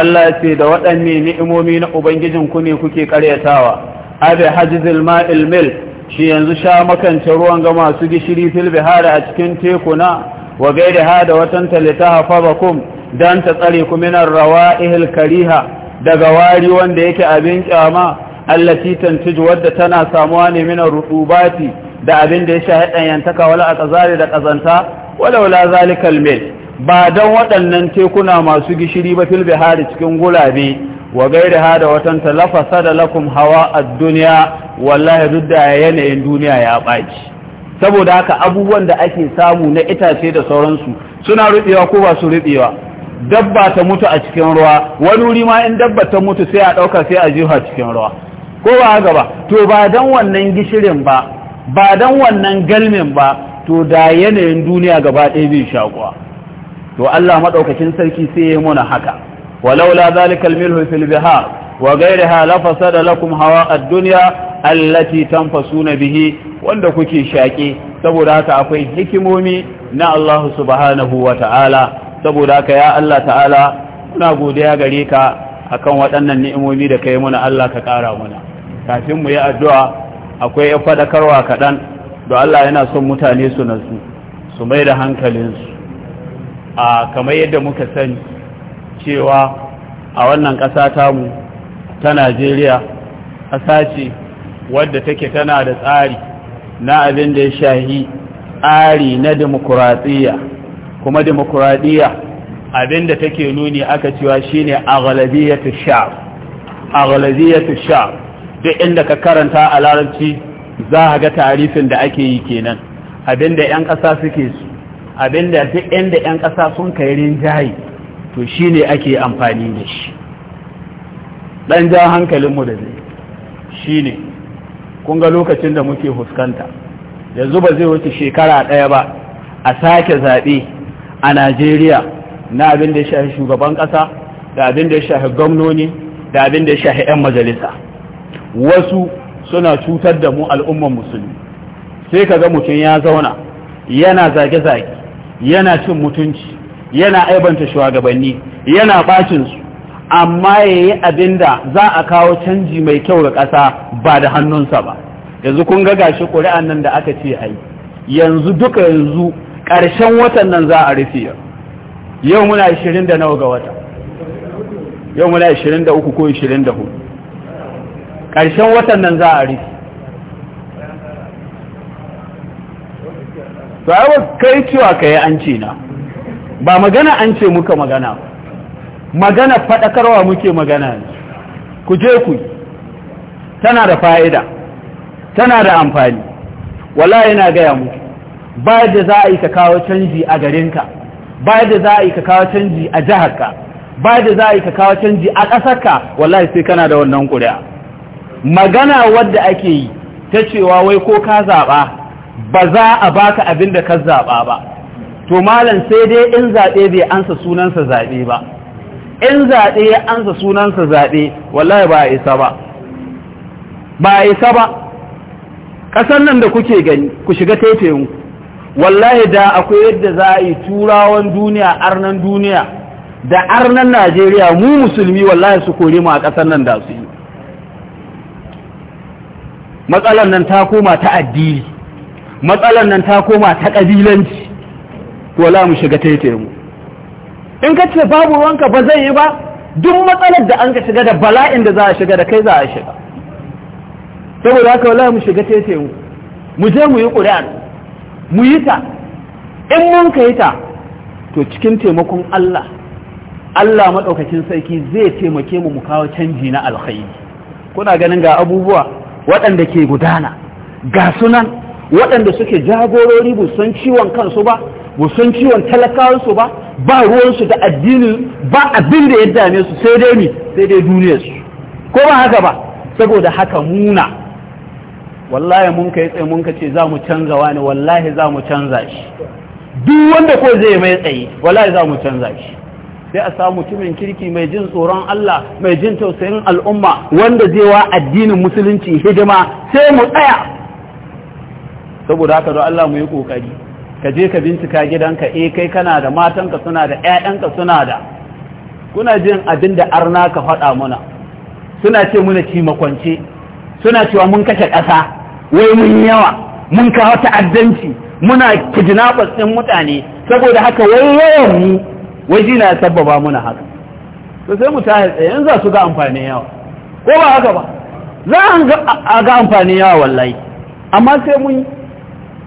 الله يتي da waɗanne ni'imomi na ubangijin ku ne kuke karyatawa abi hajzil ma'il mil shi yanzu sha makance ruwan ga masu gishiri fil bihara a cikin tekuna wa gairaha da watan talita hafazakum dan ta tsare ku rawa rawa'ihil kariha daga wari wanda yake abin kyama allati tantiju wadda tana samuwa ne min rutubati da abin da ya sha yantaka wala akazari da kazanta walaula zalikal mil ba dan waɗannan tekuna masu gishiri ba fil bihar cikin gulabe wa gairi hada watan talafasa da lakum hawa a duniya wallahi duk da yanayin duniya ya baci saboda haka abubuwan da ake samu na itace da sauransu suna rubewa ko ba su rubewa dabba ta mutu a cikin ruwa wani wuri ma in dabba ta mutu sai a ɗauka sai a jiha cikin ruwa ko ba haka to ba dan wannan gishirin ba ba dan wannan galmin ba to da yanayin duniya gaba ɗaya bin shakuwa to Allah madaukakin sarki sai ya muna haka walaula zalikal milhu fil bihar wa ghayriha la fasada lakum hawa ad-dunya allati tanfasuna bihi wanda kuke shaƙe saboda haka akwai hikimomi na Allah subhanahu wa ta'ala saboda haka ya Allah ta'ala muna godiya gare ka akan waɗannan ni'imomi da kai muna Allah ka ƙara muna kafin mu yi addu'a akwai ya faɗakarwa kaɗan da Allah yana son mutane su nasu su mai da hankalinsu a kamar yadda muka sani cewa a wannan ƙasa tamu ta Najeriya ƙasa ce wadda take tana da tsari na abin da ya shahi tsari na demokuraɗiyya kuma demokuraɗiyya abin da take nuni aka cewa shine aghlabiyatu sha'b aghlabiyatu sha'b duk inda ka karanta a larabci za a ga tarifin da ake yi kenan abinda 'yan ƙasa suke su abinda duk inda 'yan ƙasa sun kai rinjaye to shi ne ake amfani da shi ɗan ja hankalinmu da zai shi ne kun ga lokacin da muke fuskanta yanzu ba zai wuce shekara ɗaya ba a sake zaɓe a najeriya na abin da ya shafi shugaban ƙasa da abin da ya shafi gwamnoni da abin da ya shafi 'yan majalisa wasu suna cutar da mu al'umman musulmi sai kaga mutum ya zauna yana zage-zage yana cin mutunci yana aibanta shugabanni yana amma ya yi abin da za a kawo canji mai kyau ga ƙasa ba da hannunsa ba yanzu kun ga gashi ƙuri'an nan da aka ce ai yanzu duka yanzu ƙarshen watan nan za a rufe yau muna 20 da nawa ga wata yau muna 23 ko 24 ƙarshen watan nan za a rufe to ai kai cewa yi an ce na ba magana an ce muka magana magana faɗakarwa muke magana ku je ku tana da fa'ida tana da amfani wala yana gaya muku ba da za a yi ka kawo canji a garinka ba da za a yi ka kawo canji a jiharka ba da za a yi ka kawo canji a ƙasarka wallahi sai kana da wannan ƙuri'a magana wadda ake yi ta cewa wai ko ka zaɓa ba za a baka abin da ka zaɓa ba to malam sai dai in zaɓe bai ansa sunansa zaɓe ba in zaɓe ya ansa sunansa zaɓe wallahi ba a isa ba ba a isa ba ƙasar nan da kuke gani ku shiga taifinku wallahi da akwai yadda za a yi turawan duniya arnan duniya da arnan najeriya mu musulmi wallahi su kore mu a ƙasar nan da su yi matsalar nan ta koma ta addini matsalar nan ta koma ta ƙabilanci to la mu shiga taitaye mu in ka ce babu ruwanka ba zai yi ba duk matsalar da an ka shiga da bala'in da za a shiga da kai za a shiga saboda haka wala mu shiga tete mu mu je mu yi ƙuri'an mu yi ta in mun ka yi ta to cikin taimakon Allah Allah maɗaukacin sarki zai taimake mu mu kawo canji na alkhairi kuna ganin ga abubuwa waɗanda ke gudana ga sunan waɗanda suke jagorori busan ciwon kansu ba busan ciwon talakawarsu ba ba ruwansu da addini ba abin da ya dame su sai dai ne sai dai duniyarsu ko ba haka ba saboda haka muna wallahi mun kai tsaye mun ce za mu canza wani wallahi za mu canza shi duk wanda ko zai mai tsaye wallahi za mu canza shi sai a samu mutumin kirki mai jin tsoron Allah mai jin tausayin al'umma wanda zai wa addinin musulunci hidima sai mu tsaya saboda haka don Allah mu yi kokari ka je ka bincika gidanka eh kai kana da matanka suna da ƴaƴanka suna da kuna jin abin arna ka faɗa muna suna ce muna ci makwance suna cewa mun kashe ƙasa wai mun yawa mun kawo ta'addanci muna kidnappers ɗin mutane saboda haka wai yawan mu wai shi na sabbaba muna haka to sai mu tashi tsaye za su ga amfanin yawa ko ba haka ba za a ga amfanin yawa wallahi amma sai mun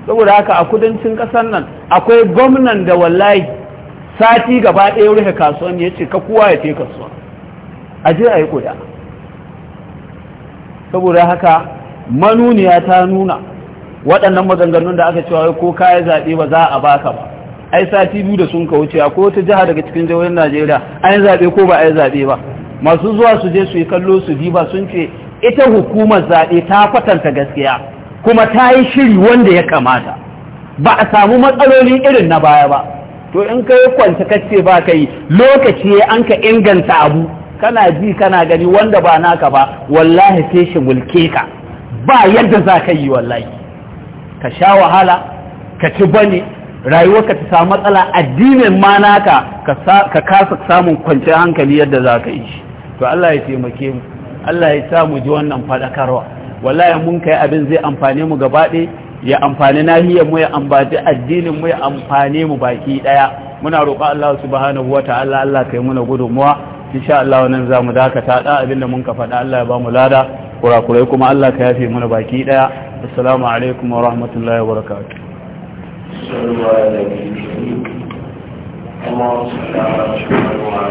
saboda haka a kudancin kasar nan akwai gwamnan da wallahi sati gaba ɗaya rufe kasuwan ya ce ka kowa ya fi kasuwa a je a yi kuda saboda haka manuniya ta nuna waɗannan maganganun da aka cewa ko kayan zaɓe ba za a baka ba ai sati biyu da sun ka wuce ko wata jiha daga cikin jihohin Najeriya an zaɓe ko ba a zaɓe ba masu zuwa su je su yi kallo su diba sun ce ita hukumar zaɓe ta kwatanta gaskiya kuma ta yi shiri wanda ya kamata ba a samu matsaloli irin na baya ba to in ka yi kwanta kace ba ka yi lokaci an ka inganta abu kana ji kana gani wanda ba naka ba wallahi sai shi mulke ka ba yadda za ka yi wallahi ka sha wahala ka ci bane rayuwarka ta samu matsala addinin ma naka ka kasa samun kwanciyar hankali yadda za ka yi shi to Allah ya taimake mu Allah ya sa mu ji wannan faɗakarwa wallahi mun kai abin zai amfane mu gaba ya amfani nahiyar mu ya ambaci addinin mu ya amfane mu baki daya muna roƙa Allah subhanahu wataala Allah kai muna gudunmuwa insha Allah nan zamu dakata da abin da mun ka faɗa Allah ya ba mu lada kurakurai kuma Allah ka yafe muna baki daya assalamu alaikum wa rahmatullahi wa barakatuh صلوا على نبينا اللهم صل على محمد وعلى